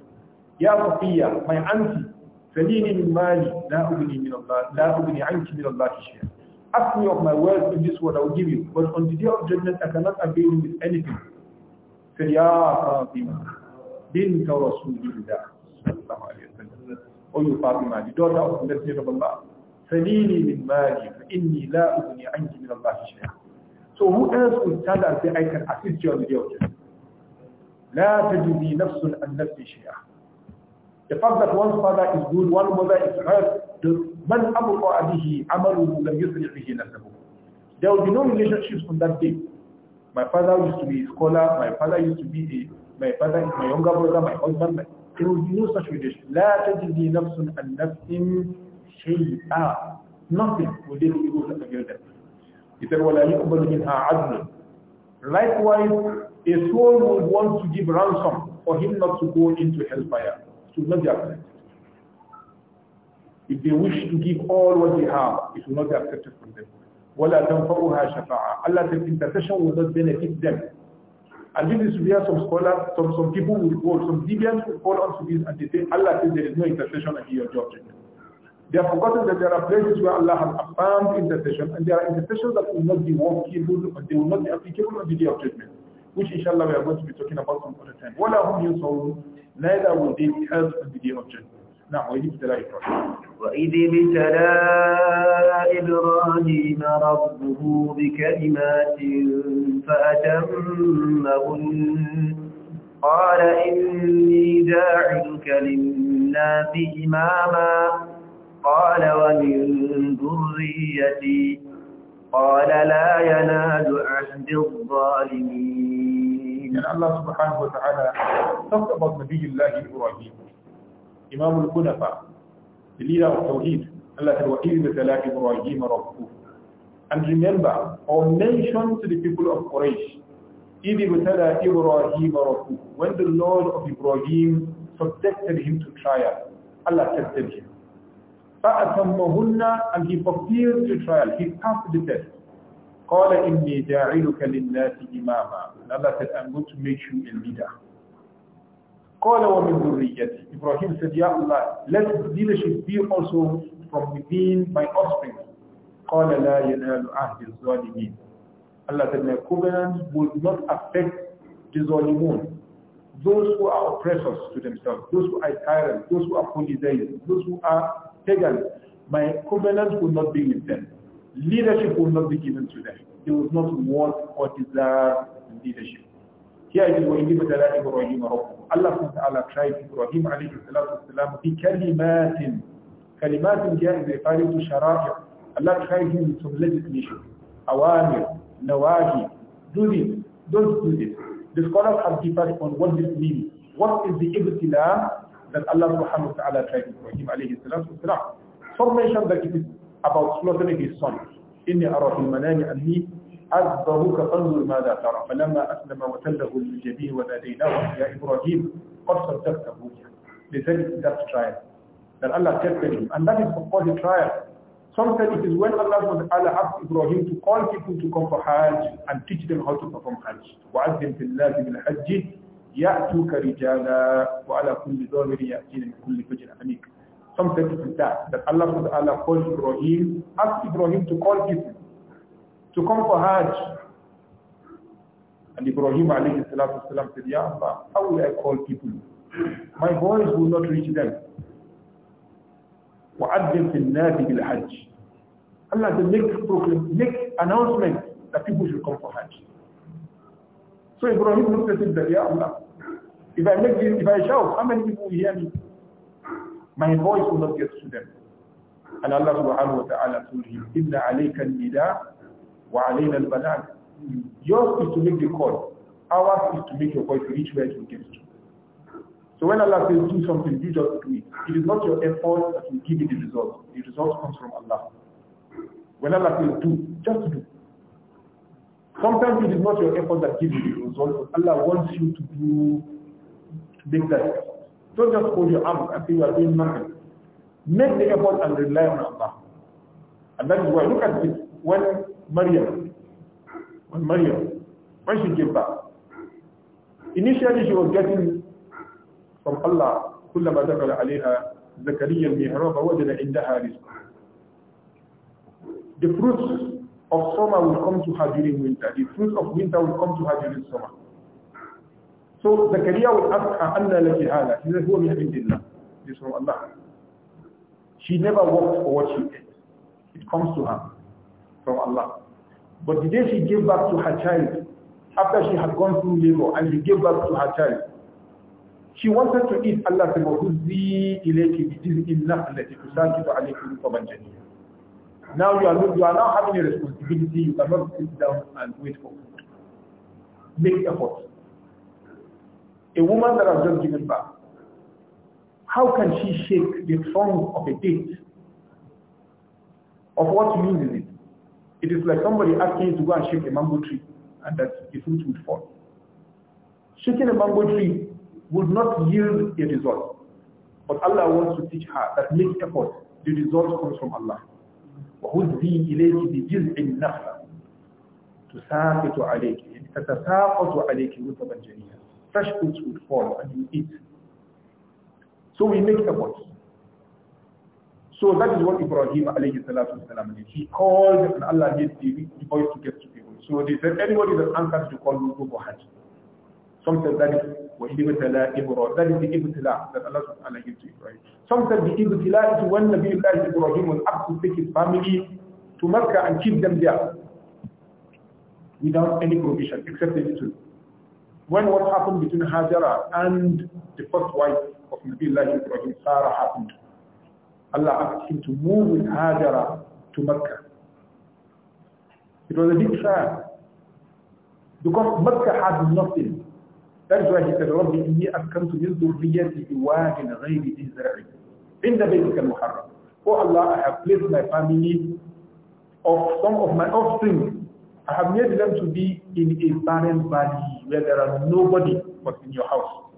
Ya Safiya, my auntie, Salini min mali, la ugni min Allah, la ugni anki مِنَ اللَّهِ shay'a. Ask me of my wealth in this world, I will give you. But on the day of judgment, I cannot avail you with anything. He said, Ya Fatima, bint Rasulillah, sallallahu alayhi wa so who else would stand and say, I can assist you on the day of judgment? لَا The fact that one's father is good, one mother is right, مَنْ أَبْقَى أَبِهِ عَمَلُهُ لَمْ يُسْرِعْ بِهِ نَسَبُهُ There will be no relationships on that day. My father used to be a scholar, my father used to be a, my father is my younger brother, my husband, there will be no such rejection. لا تجزي نفس عن نفس شيئا. Nothing will they be able to avail them. He said, وَلَا يُقْبَلُ مِنْهَا عَدْلٌ Likewise, a soul would want to give ransom for him not to go into hellfire. It will not be accepted. If they wish to give all what they have, it will not be accepted from them. وَلَا تَنْفَعُهَا شَفَاعَةً Allah said, intercession will not benefit them. And this is where some scholars, some, some people will call, some deviants will fall onto this and they say Allah says there is no intercession and your judgment. They have forgotten that there are places where Allah has affirmed intercession and there are intercessions that will not be workable and they will not be applicable on the day of judgment, which inshallah we are going to be talking about some other time. Neither will they be helped on the day of judgment. نعم وإذ ابتلى إبراهيم وإذ ابتلى إبراهيم ربه بكلمات فأتمهن قال إني جاعلك للناس إماما قال ومن ذريتي قال لا ينال عهد الظالمين يعني الله سبحانه وتعالى خطب نبي الله إبراهيم imamul kunafa the leader of Tawheed Allah said وَإِذْ بِسَلَاكِ إِبْرَاهِيمَ رَبُّهُ and remember or mention to the people of Quraysh إِذْ بِسَلَا إِبْرَاهِيمَ رَبُّهُ when the Lord of Ibrahim subjected him to trial Allah tested him فَأَتَمَّهُنَّ and he fulfilled the trial he passed the test قال إني جاعلك للناس إماما and Allah said I'm going to make you a leader قال ومن ذريتي Ibrahim said "Ya Allah let leadership be also from within my offspring قال لا ينال عهد الظالمين Allah said my covenant will not affect the Zalimun those who are oppressors to themselves those who are tyrants those who are polytheists those who are pagans my covenant will not be with them leadership will not be given to them they will not want or desire leadership here it is وَإِنِّي بَتَلَا إِبْرَاهِيمَ رَبُّهُ Allah subhanahu tried Ibrahim alayhi salatu wasalam bi kalimatin kalimatin here is referring to shara'i Allah tried him with some legislation awamir, nawahi do this, don't do this the scholars have differed on what this means what is the ibtila that Allah subhanahu wa ta'ala tried Ibrahim alayhi salatu wasalam some mention that it is about slaughtering his son إِنِّي أَرَى فِي الْمَنَامِ أَنِّي عذبه فانظر ماذا ترى فلما أسلم وتله للجبين وناديناه يا إبراهيم قد صدقت رؤيا لذلك that trial that Allah tested him and that is for the trial Some said it is when Allah subhanahu wa asked Ibrahim to call people to come for Hajj and teach them how to perform Hajj. وَعَذِّمْ فِي اللَّهِ بِالْحَجِّ يَأْتُوكَ رِجَالًا وَعَلَى كُلِّ ظَاهِرٍ يَأْتِينَ مِنْ كُلِّ فَجْرٍ عَمِيقٍ Sometimes it is that, that Allah subhanahu wa called Ibrahim, asked Ibrahim to call people to come for Hajj. And Ibrahim alayhi salatu salam said, Ya Allah, how will I call people? My voice will not reach them. وَعَدِّمْ فِي النَّادِ بِالْحَجِّ Allah said, make, proclaim, make announcement that people should come for Hajj. So Ibrahim looked at him and said, Ya Allah, if I, make, if I shout, how many people will hear me? My voice will not get to them. And Allah subhanahu wa ta'ala told him, إِنَّ عَلَيْكَ النِّدَاءَ وَعَلَيْنَا Yours is to make the call. Ours is to make your call to reach where it get to. So when Allah says do something, you just do it. It is not your effort that will give you the result. The result comes from Allah. When Allah says do, just do. Sometimes it is not your effort that gives you the result, but Allah wants you to do, to make that effort. Don't just hold your arms and say you are doing nothing. Make the effort and rely on Allah. And that is why, look at this. When Maryam, on Maryam, when she gave birth. Initially she was getting from Allah, كلما دخل عليها زكريا المهراب وجد عندها رزق. The fruits of summer will come to her during winter. The fruits of winter will come to her during summer. So Zakaria will ask her, Anna laki هذا. She said, Who am I This from Allah. She never worked for what she ate. It comes to her from Allah. But the day she gave back to her child, after she had gone through labor and she gave back to her child, she wanted to eat Allah said, وَهُزِّي إِلَيْكِ Now you are, you are now having a responsibility. You cannot sit down and wait for food. Make effort. A woman that has just given birth, how can she shake the thong of a date? Of what use is it? It is like somebody asking you to go and shake a mango tree and that the fruit would fall. Shaking a mango tree would not yield a result. But Allah wants to teach her that make effort. The result comes from Allah. وَهُزِّي إِلَيْكِ بِجِزْءٍ نَخْلَةٍ تُسَاقِطُ عَلَيْكِ تَتَسَاقَطُ عَلَيْكِ رُطَبًا جَنِيًّا Fresh fruits would fall and you eat. So we make efforts. So that is what Ibrahim alayhi salatu wasalam did. He called and Allah gave the, voice to get to people. So they said anybody that answers to call will go for Hajj. Some said that is وَإِلِبْتَلَا Ibrahim. That is the ibtila that Allah subhanahu wa ta'ala gave to Ibrahim. Some said the ibtila is when Nabi Ibrahim was asked to take his family to Mecca and keep them there without any provision except a two. When what happened between Hajara and the first wife of Nabiullah Ibrahim, Sarah happened, Allah asked him to move with Hajar to Mecca. It was a big trial. Because Mecca had nothing. That is why he said, رَبِّ إِنِّي أَسْكَنْتُ مِنْ ذُرِّيَّتِي بِوَادٍ غَيْرِ In the عِنْدَ بَيْتِكَ الْمُحَرَّمِ Oh Allah, I have placed my family of some of my offspring. I have made them to be in a barren valley where there are nobody but in your house.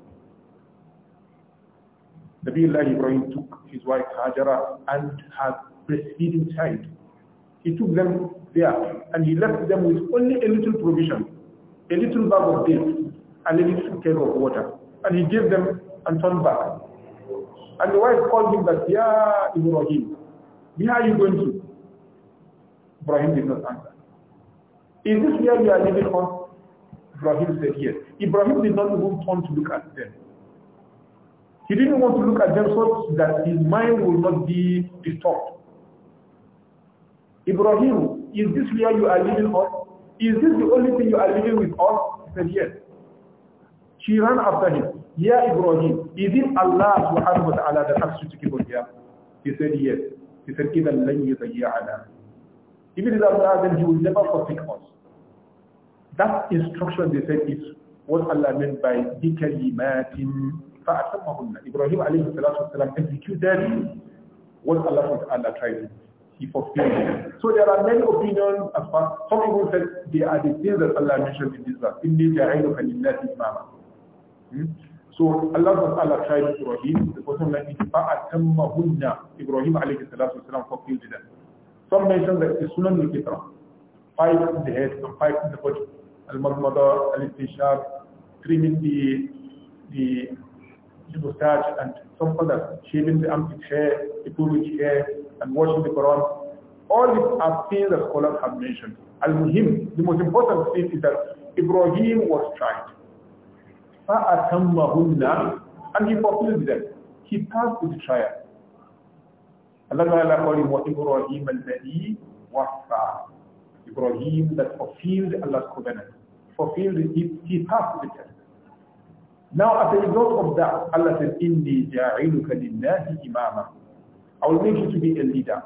Nabiullah Ibrahim took his wife Hajara and her breastfeeding child. He took them there and he left them with only a little provision, a little bag of dates and a little keg of water. And he gave them and turned back. And the wife called him that, Ya Ibrahim, where are you going to? Ibrahim did not answer. Is this where you are living on?" Ibrahim said yes. Ibrahim did not even turn to look at them. He didn't want to look at them so that his mind will not be disturbed. Ibrahim, is this where you are living us? Is this the only thing you are living with us? He said, yes. She ran after him. Yeah, Ibrahim, is it Allah subhanahu wa ta'ala that has to keep on here? He said, yes. He said, إِذَا لَنْ يَضَيِّعَنَا If it is Allah, then he will never forsake us. That instruction, they said, is what Allah meant by ذِكَلِمَاتٍ فأتمهن إبراهيم عليه الصلاة والسلام executed what Allah SWT tried to he fulfilled it. So there are many opinions as far some people said they are the things that Allah mentioned in this verse. Indeed, they are Inni ja'iluka in imama. So Allah SWT tried Ibrahim, the person like it, فَأَتَمَّهُنَّ Ibrahim alayhi salatu wasalam fulfilled it. Some mention that the sunan al-fitra, five in the head and five in the body, al-madmadar, al-istishab, trimming the, the Chibutaj and some others, shaving the armpit hair, the pubic hair, and washing the Quran. All these are things that scholars have mentioned. Al-Muhim, the most important thing is that Ibrahim was tried. And he fulfilled them. He passed the trial. Allah Ta'ala called him Ibrahim al-Nabi wasa. Ibrahim that fulfilled Allah's covenant. Fulfilled, he, he passed the test. Now, as a result of that, Allah said, Inni ja'iluka lillahi imama. I will make you to be a leader.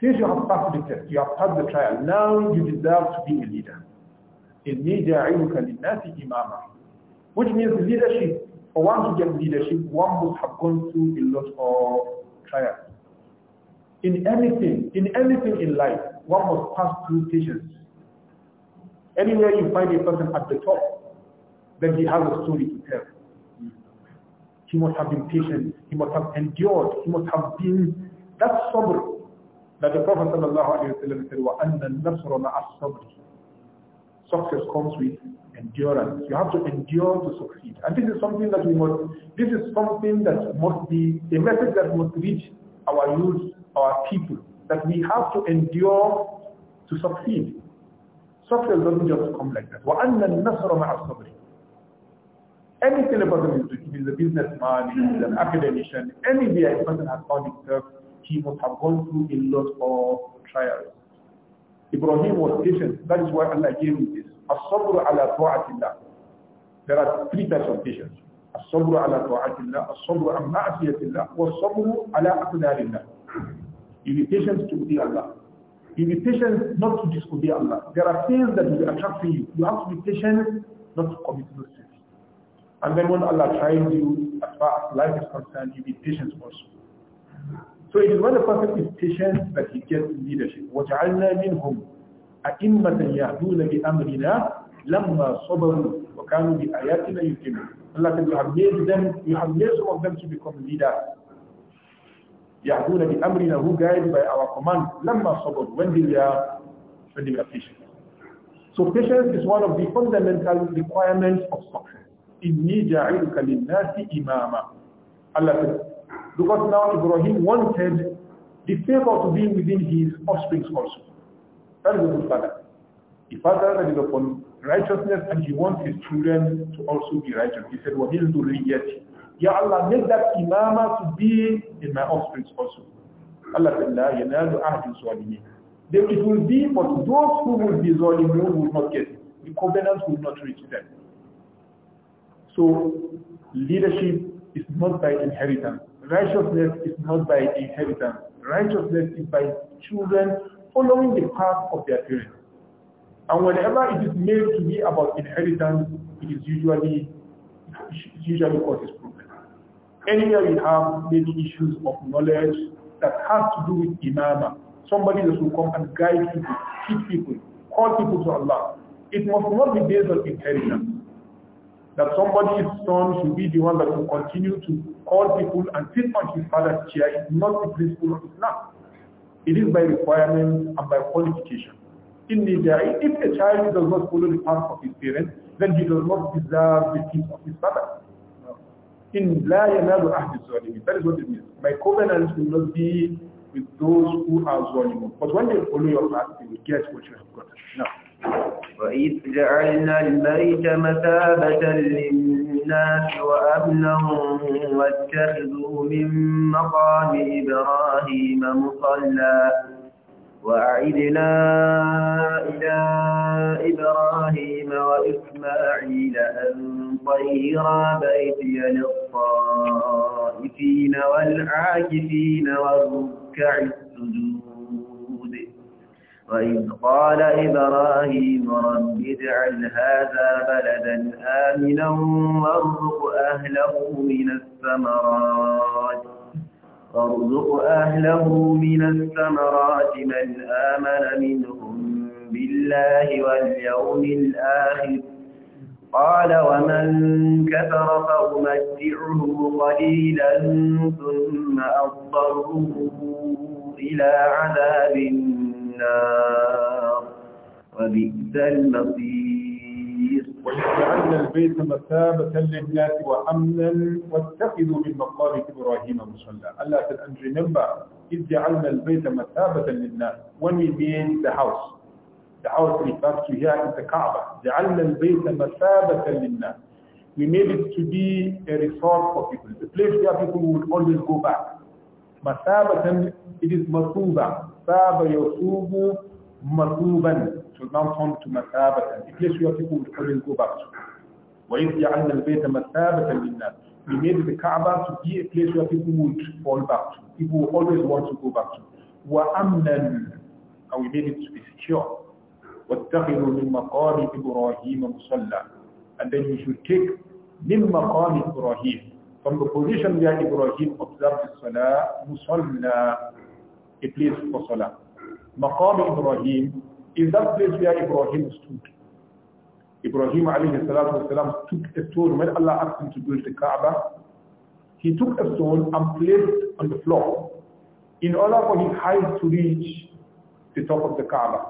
Since you have passed the test, you have passed the trial, now you deserve to be a leader. Inni ja'iluka lillahi imama. Which means leadership. For one to get leadership, one must have gone through a lot of trials. In anything, in anything in life, one must pass through patience. Anywhere you find a person at the top, then he has a story to tell. He must have been patient. He must have endured. He must have been that sober that the Prophet ﷺ said, وَأَنَّ النَّصْرَ مَعَ الصَّبْرِ Success comes with endurance. You have to endure to succeed. And this is something that we must, this is something that must be, a message that must reach our youth, our people, that we have to endure to succeed. Success doesn't just come like that. وَأَنَّ النَّصْرَ مَعَ الصَّبْرِ any celebrity is, a businessman, is an academician, any VIP person has found himself, he must have gone through a lot of trials. Ibrahim was patient. That is why Allah gave him this. As-sabru ala ta'atillah. There are three types of patience. الصبر على طاعة الله الصبر عن معصية الله والصبر على أقدار الله You be patient to obey Allah. You be patient not to disobey Allah. There are things that will attract you. You have to be patient not to commit those things. And then when Allah tries you, as far as life is concerned, you be patient also. So it is when the person is patient that he gets leadership. وَجَعَلْنَا مِنْهُمْ أَئِمَّةً يَهْدُونَ بِأَمْرِنَا لَمَّا صَبَرُوا وَكَانُوا بِآيَاتِنَا يُؤْمِنُونَ Allah said, you have made them, you have made some of them to become leaders. يَهْدُونَ بِأَمْرِنَا who guide by our command لَمَّا صَبَرُوا when they are, when they are patient. So patience is one of the fundamental requirements of success inni ja'iluka lin-nasi imama. Allah said, because now Ibrahim wanted the favor to be within his offspring also. That is a father. The father that is upon righteousness and he wants his children to also be righteous. He said, Wa وَهِلْ ذُرِّيَّتِ Ya Allah, make that imama to be in my offspring also. Allah said, لَا يَنَالُ أَهْدِ الظَّالِمِينَ Then it will be, but those who will be zalimun will not get it. The covenant will not reach them. So leadership is not by inheritance. Righteousness is not by inheritance. Righteousness is by children following the path of their parents. And whenever it is made to be about inheritance, it is usually it usually causes problems. Anywhere you have maybe issues of knowledge that has to do with imama, somebody that will come and guide people, teach people, call people to Allah. It must not be based on inheritance that somebody's son should be the one that will continue to call people and sit on his father's chair is not the principle of Islam. It is by requirement and by qualification. In Nigeria, if a child does not follow the path of his parents, then he does not deserve the peace of his father. In La Yanalu Ahdi Zalimin, that is what it means. My covenant will not be with those who are Zalimun. But when they follow your path, they will get what you have gotten. Now. وإذ جعلنا البيت مثابة للناس وأمنا واتخذوا من مقام إبراهيم مصلى وأعدنا إلى إبراهيم وإسماعيل أن طيرا بيتي للطائفين والعاكفين والركع السجود وإذ قال إبراهيم رب اجعل هذا بلدا آمنا وارزق أهله من الثمرات وارزق أهله من الثمرات من آمن منهم بالله واليوم الآخر قال ومن كفر فأمتعه قليلا ثم أضطره إلى عذاب النار وبئس المصير واجعلنا البيت مثابة للناس وأمنا واتخذوا من مقام إبراهيم مصلى ألا تنسى ريمبر إذ جعلنا البيت مثابة للناس when we mean the house the house refers to here in the Kaaba جعلنا البيت مثابة للناس we made it to be a resort for people the place where people would always go back Masabatan, it is masuba. Saba yasubu masuban. So will now come to masabatan. A place where people will always go back to. if وَإِذْ جَعَلْنَا الْبَيْتَ مَسَابَةً لِلنَّاسِ We made the Kaaba to be a place where people would fall back to. People would always want to go back to. وَأَمْنًا And we made it to be secure. وَاتَّخِذُوا مِنْ مَقَامِ إِبْرَاهِيمَ مُصَلَّى And then you should take مِنْ مَقَامِ Ibrahim from the position where Ibrahim observed Salah, Musalla, a place for Salah. Maqam Ibrahim is that place where Ibrahim stood. Ibrahim alayhi salatu wasalam took a stone when Allah asked him to build the Kaaba. He took a stone and placed it on the floor in order for his height to reach the top of the Kaaba.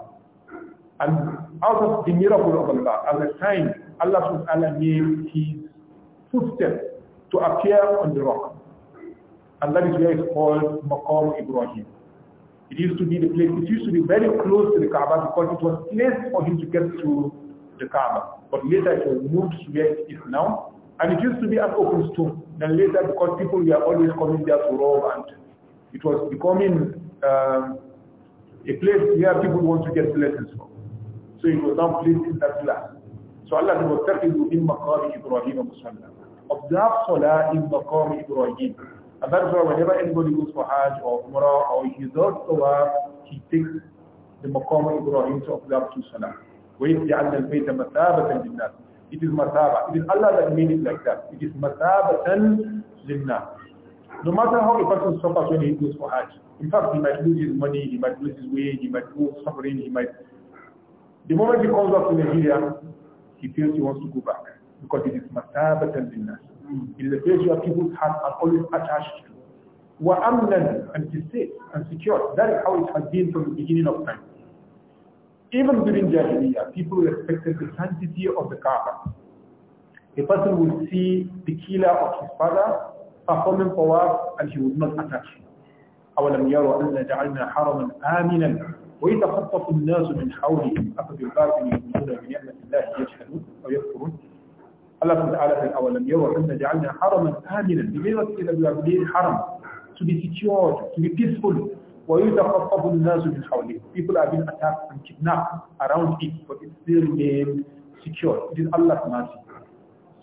And out of the miracle of Allah, as a sign, Allah subhanahu wa ta'ala made his footsteps to appear on the rock. And that is where it's called Maqam Ibrahim. It used to be the place, it used to be very close to the Kaaba because it was placed for him to get to the Kaaba. But later it was moved to where it is now. And it used to be an open stone. Then later, because people were always coming there to rob and it was becoming um, a place where people want to get blessings from. So it was now placed in that glass. So Allah said, وَاتَّقِذُوا مِنْ Ibrahim إِبْرَاهِيمَ مُسَلَّمًا observe Salah in Maqam Ibrahim. And that's why whenever anybody goes for Hajj or Umrah or he does Tawaf, he takes the Maqam Ibrahim to observe two Salah. وَيَجْعَلْنَا الْبَيْتَ مَثَابَةً لِلنَّاسِ It is masaba. It is Allah that made it like that. It is masabatan linnas. No matter how a person suffers when he goes for Hajj, in fact, he might lose his money, he might lose his way, he might go suffering, he might... The moment he comes back to Nigeria, he feels he wants to go back because it is matabatan linnas. In the place where people have are always attached to. وَأَمْنًا and is safe and secure. That is how it has been from the beginning of time. Even during Jahiliyyah, people respected the sanctity of the Kaaba. A person would see the killer of his father performing tawaf and he would not attack him. أولم يروا أن جعلنا حرما آمنا ويتخطف الناس من حولهم أفبالباطل يؤمنون بنعمة الله يجحدون ويكفرون Allah ta'ala says, أَوَلَمْ يَرَوْا أَنَّ جَعَلْنَا حَرَمًا آمِنًا The way of that we have made haram, to be secured, to be peaceful. وَيُتَخَطَّفُ النَّاسُ مِنْ حَوْلِهِ People have been attacked and kidnapped around it, but it still remains secure. It is Allah's mercy.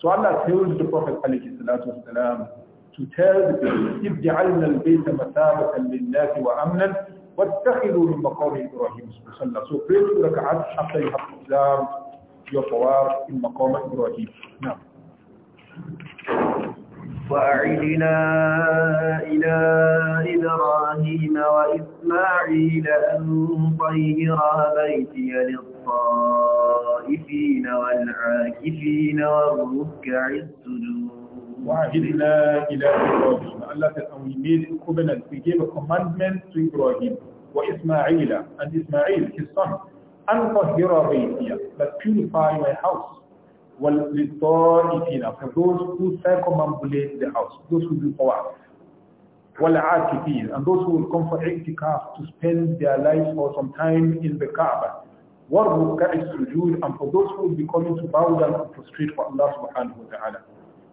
So Allah tells the Prophet والسلام, to tell the people, if جَعَلْنَا الْبَيْتَ مَثَابَةً لِلنَّاسِ وَأَمْنًا وَاتَّخِذُوا مِنْ مَقَامِ إِبْرَاهِيمُ صلى الله عليه وسلم. So pray the rak'at after you have observed يطوار المقام مقام إبراهيم نعم وأعدنا إلى إبراهيم وإسماعيل أن طهر بيتي للطائفين والعاكفين والركع السجود وعهدنا إلى إبراهيم الله تنوي made covenant we gave a commandment to Ibrahim وإسماعيل and Ismail his son أن طهر بيتي that purify my house واللطائفين for those who circumambulate the house those who do tawaf والعاكفين and those who will come for i'tikaf to spend their lives for some time in the Kaaba والركع السجود and for those who will be coming to bow down and prostrate for Allah subhanahu wa ta'ala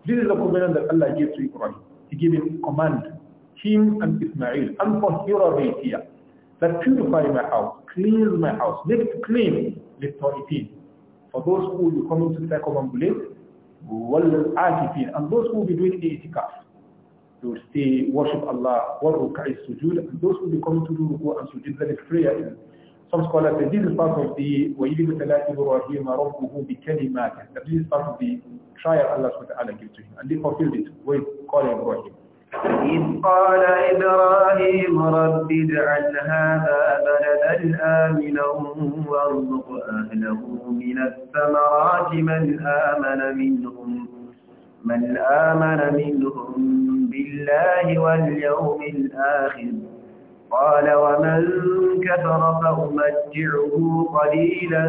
this is the command that Allah gave to Ibrahim he gave him command him and Ismail and for Hira Baytiyah that purify my house, cleanse my house, make it clean, للطائفين. For those who will be coming to circumambulate, والعاكفين, and those who will be doing itikaf. They will stay, worship Allah, warruka'i sujud, and those who will be coming to do ruku and sujud, that is prayer. Some scholars say this is part of the وَيِلِبُ تَلَاتِ إِبْرَاهِيمَ رَبُّهُ بِكَلِمَاتِ That this is part of the trial Allah subhanahu wa ta'ala gave to him. And he fulfilled it with calling Ibrahim. إذ قال إبراهيم رب اجعل هذا بلدا آمنا وارزق أهله من الثمرات من آمن منهم من آمن منهم بالله واليوم الآخر قال ومن كفر فأمتعه قليلا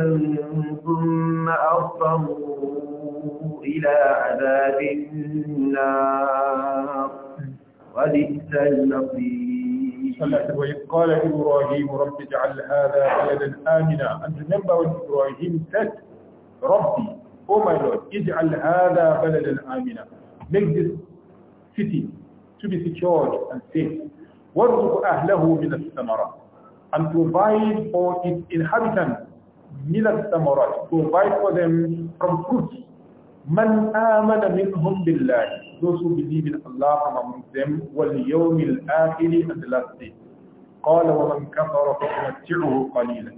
ثم أضطره إلى عذاب النار ولئس المصير قال إبراهيم رب اجعل هذا بلدا آمنا and remember when Ibrahim said ربي oh my lord اجعل هذا بلدا آمنا make this city to be secured and safe وارزق أهله من الثمرات and provide for its inhabitants من الثمرات provide for them from fruits من آمن منهم بالله those who believe in Allah among them واليوم الآخر and the last day قال ومن كفر فأمتعه قليلا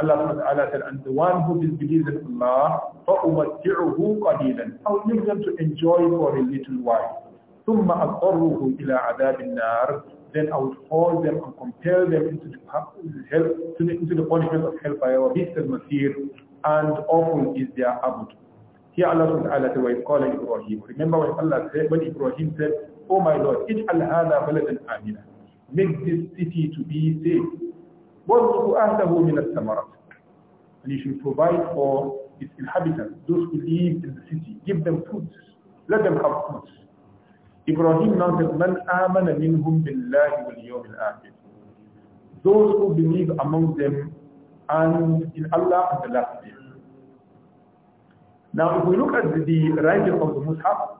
Allah subhanahu said, تل أن one who disbelieves in Allah, فَأُمَتِّعُهُ قَلِيلًا أو make them to enjoy for a little while. ثُمَّ أضره إِلَىٰ عَذَابِ النَّارِ Then I will call them and compel them into the, hell, into the punishment of hellfire, and الْمَسِيرِ And awful is their abode. Here Allah Ibrahim. Remember when Allah said, when Ibrahim said, Oh my Lord, it al-hada baladan amina. Make this city to be safe. وَرْزُقُ أَهْلَهُ مِنَ الثَّمَرَةِ And you should provide for its inhabitants, those who live in the city. Give them food. Let them have food. Ibrahim now said, مَنْ آمَنَ مِنْهُمْ بِاللَّهِ وَالْيَوْمِ الْآخِرِ Those who believe among them and in Allah and the last day. Now, if we look at the, the writing of the Mus'haf,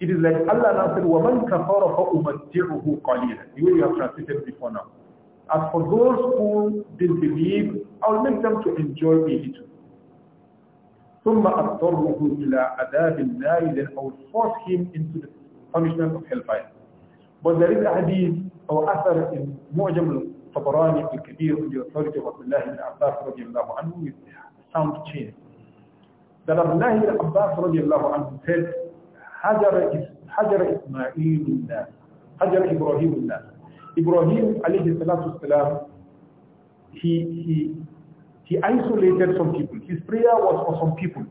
it is like Allah now said, وَمَنْ كَفَرَ فَأُمَتِّعُهُ قَلِيلًا The you have translated before now. As for those who disbelieve, I'll make them to enjoy a little. ثُمَّ أَضْطَرُهُ إِلَىٰ عَذَابِ النَّارِ Then I will force him into the punishment of hellfire. But there is a hadith or أثر in Mu'jam al-Tabarani al-Kabir on the authority of Abdullah ibn Abbas رضي الله with sound chain. دلرناه إلى عباس رضي الله عنه حجر حجر إسماعيل الناس حجر إبراهيم الناس إبراهيم عليه الصلاة والسلام he he he isolated some people his prayer was for some people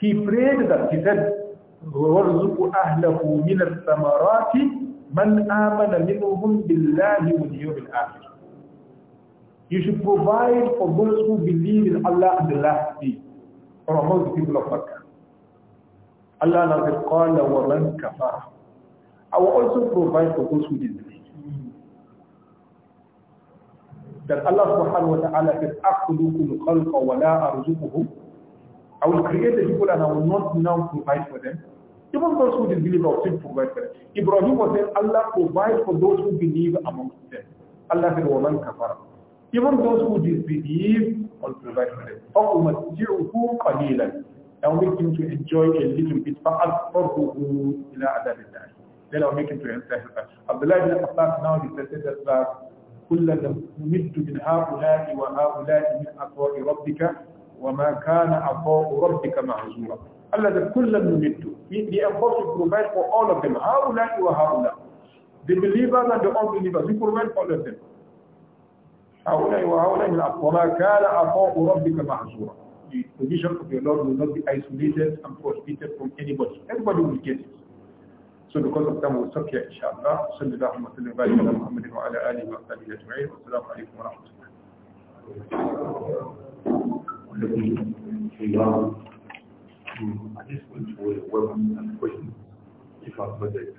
he prayed that he said ورزق أهله من الثمرات من آمن منهم بالله واليوم الآخر You should provide for those who believe in Allah and the last day, or among the people of Makkah. Allah Nabi Qala wa man kafara. I will also provide for those who believe. That Allah subhanahu wa ta'ala says, أَخْلُقُ الْخَلْقَ وَلَا أَرْزُقُهُ I will create the people and I will not now provide for them. Even those who disbelieve, I will still provide for them. Ibrahim was saying, Allah provides for those who believe amongst them. Allah said, وَمَنْ كَفَرَهُ even those who disbelieve will provide for them. فَأُمَتِّعُهُ قَلِيلًا I'll make him to enjoy a little bit. فَأَضْطَرْهُهُ إِلَىٰ عَذَابِ النَّارِ Then I'll make him to enter hell. Abdullah ibn Abbas now recited that verse. كُلًّا نُمِدُّ مِنْ هَؤُلَاءِ وَهَؤُلَاءِ مِنْ عَطَاءِ رَبِّكَ وَمَا كَانَ عَطَاءُ رَبِّكَ مَعْزُورًا Allah said, كُلًّا نُمِدُّ He efforts to provide for all of them. هَؤُلَاءِ وَهَؤُلَاءِ The believers and the unbelievers, we provide for all of them. هؤلاء وهؤلاء من الأطفال وما كان عطاء ربك محظورا The position of your Lord will not be isolated and prohibited from anybody. Everybody will get it. So because of that, we'll stop here inshallah. صلى الله وسلم وبارك على محمد وعلى آله وصحبه أجمعين والسلام عليكم ورحمة الله. At this point, we welcome some questions if our project.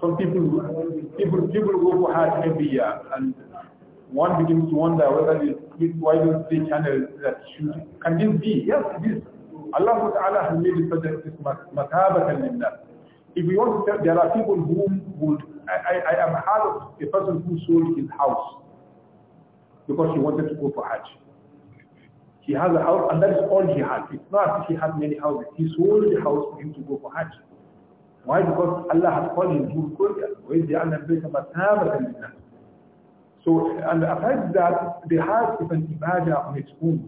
some people people people go for Hajj every year, and one begins to wonder whether this why don't they channel that should can this be? Yes, it is. Allah Taala has made it such as this matabatan linnas. If we want to tell, there are people who would I, I, I am heard of a person who sold his house because he wanted to go for Hajj. He has a house and that is all he has. It's not if he had many houses. He sold the house for him to go for Hajj. Why? Because Allah has called him to go So, and aside that, the Hajj is an ibadah on its own.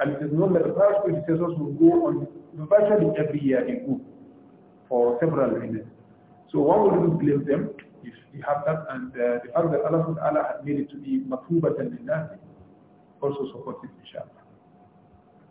And it is known that the past predecessors will go on virtually every year they go for several minutes. So one would not blame them if you have that and uh, the fact that Allah has made it to be matubatan lil also supports it inshallah.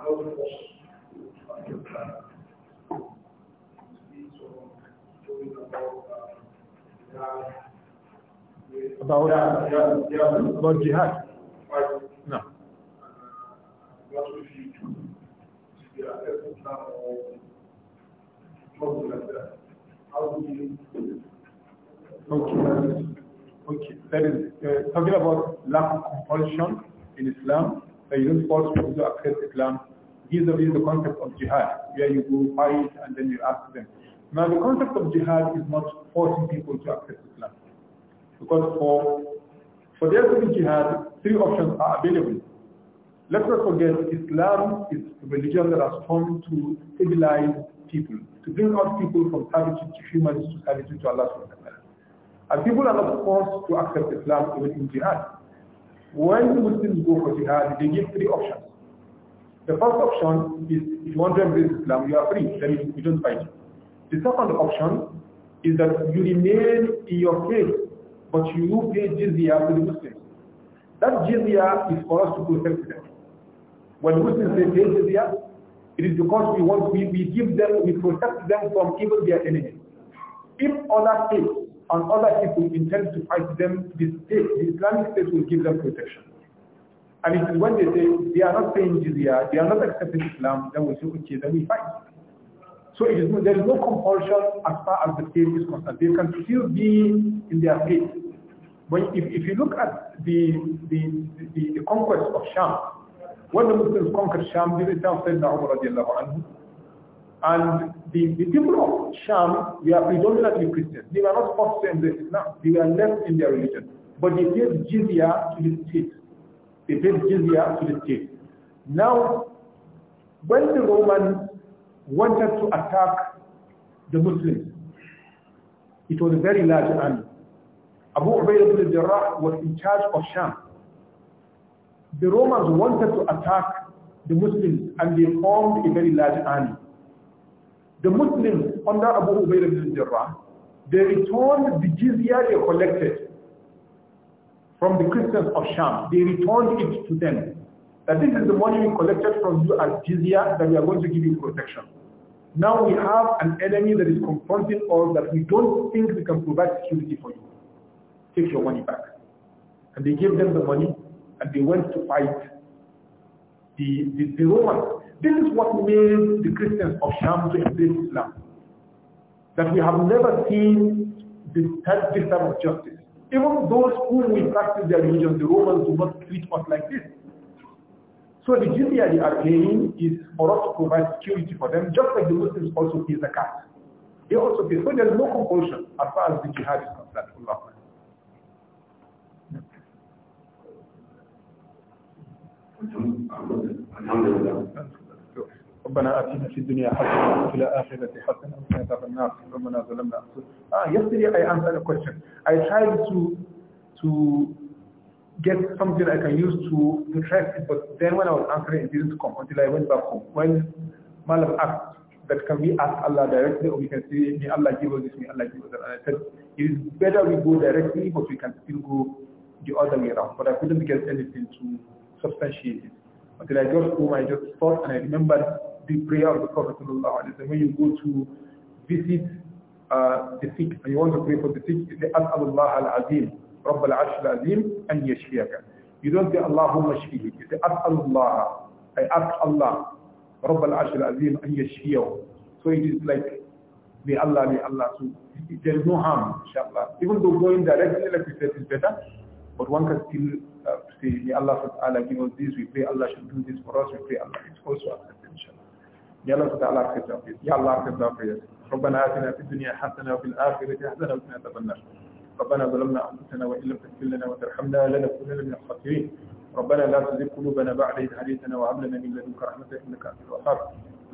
about yeah, uh, yeah, yeah. about jihad. No. Okay. Okay. That is uh, talking about lack of compulsion in Islam they don't force to accept Islam vis-a-vis the concept of jihad, where you go fight and then you ask them. Now the concept of jihad is not forcing people to accept Islam. Because for, for there to be jihad, three options are available. Let's not forget Islam is a religion that has come to civilize people, to bring out people from savagery to humanity to savagery to Allah subhanahu wa ta'ala. And people are not forced to accept Islam even in jihad. When Muslims go for jihad, they give three options. The first option is if you want to embrace Islam, you are free, then you don't fight. The second option is that you remain in your faith, but you pay jizya to the Muslims. That jizya is for us to protect them. When Muslims say pay jizya, it is because we want we, we give them, we protect them from even their enemies. If other things and other people intend to fight them, the, state, the Islamic State will give them protection. And it is when they say they are not paying jizya, they are not accepting Islam, then we say, okay, then we fight. So there is no compulsion as far as the state is concerned. They can still be in their faith. But if, if you look at the, the, the, the conquest of Sham, when the Muslims conquered Sham, they themselves said, Na'um radiallahu anhu, and the, the people of Sham were predominantly Christians. They were not forced to embrace Islam. They were left in their religion. But they paid jizya to the state. They paid jizya to the state. Now, when the Romans wanted to attack the Muslims, it was a very large army. Abu Ubaidah al Jarrah was in charge of Sham. The Romans wanted to attack the Muslims and they formed a very large army the Muslims under Abu Ubaid ibn Jarrah, they returned the jizya they collected from the Christians of Sham. They returned it to them. That this is the money we collected from you as jizya that we are going to give you protection. Now we have an enemy that is confronting us that we don't think we can provide security for you. Take your money back. And they gave them the money and they went to fight the, the, the Romans this is what made the Christians of Sham to embrace Islam. That we have never seen this type, of justice. Even those who we practice their religion, the Romans do not treat us like this. So the jizya they are paying is for us to provide security for them, just like the Muslims also pay zakat. They also pay. So there is no compulsion as far as the jihad is concerned. Allah. الحمد لله ربنا آتنا في الدنيا حسنة وفي الآخرة حسنة وقنا عذاب النار ربنا ظلمنا أنفسنا ah, yesterday I answered a question I tried to to get something I can use to to it but then when I was answering it didn't come until I went back home when Malam asked that can we ask Allah directly or we can say may Allah give us this may Allah give us that and I said it is better we go directly but we can still go the other way around but I couldn't get anything to substantiate it until I just home I just thought and I remembered the prayer of the Prophet ﷺ. When you go to visit uh, the sick and you want to pray for the sick, you say, azim Rabb al رب Al-Azim أن يشفيك. You don't say Allahumma shfihi. You say أسأل الله. I ask Allah رب Al-Azim أن يشفيه. So it is like may Allah, may Allah. So there is no harm, inshallah. Even though going directly, like we said, is better, but one can still uh, say, may Allah subhanahu wa ta'ala give us this, we pray Allah should do this for us, we pray Allah. It's also acceptable. جل وتعالى في خير يا الله خير التوفيق ربنا آتنا في الدنيا حسنة وفي الآخرة حسنة وقنا عذاب النار ربنا ظلمنا أنفسنا وإن لم تغفر لنا وترحمنا لنكونن من الخاسرين ربنا لا تزغ قلوبنا بعد إذ هديتنا وهب لنا من لدنك رحمة إنك أنت الوهاب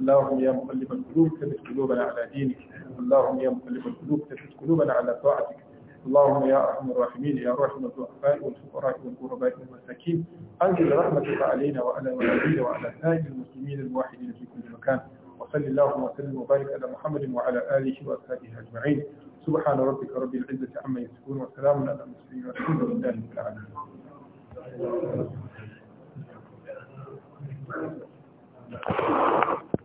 اللهم يا مقلب القلوب ثبت قلوبنا على دينك اللهم يا مقلب القلوب ثبت قلوبنا على طاعتك اللهم يا أرحم الراحمين يا رحم الضعفاء والفقراء والغرباء والمساكين أنزل رحمتك علينا وعلى والدينا وعلى سائر المسلمين الموحدين في كل مكان وصل اللهم وسلم وبارك على محمد وعلى آله وأصحابه أجمعين سبحان ربك رب العزة عما يصفون وسلام على المسلمين والحمد لله رب العالمين Thank you.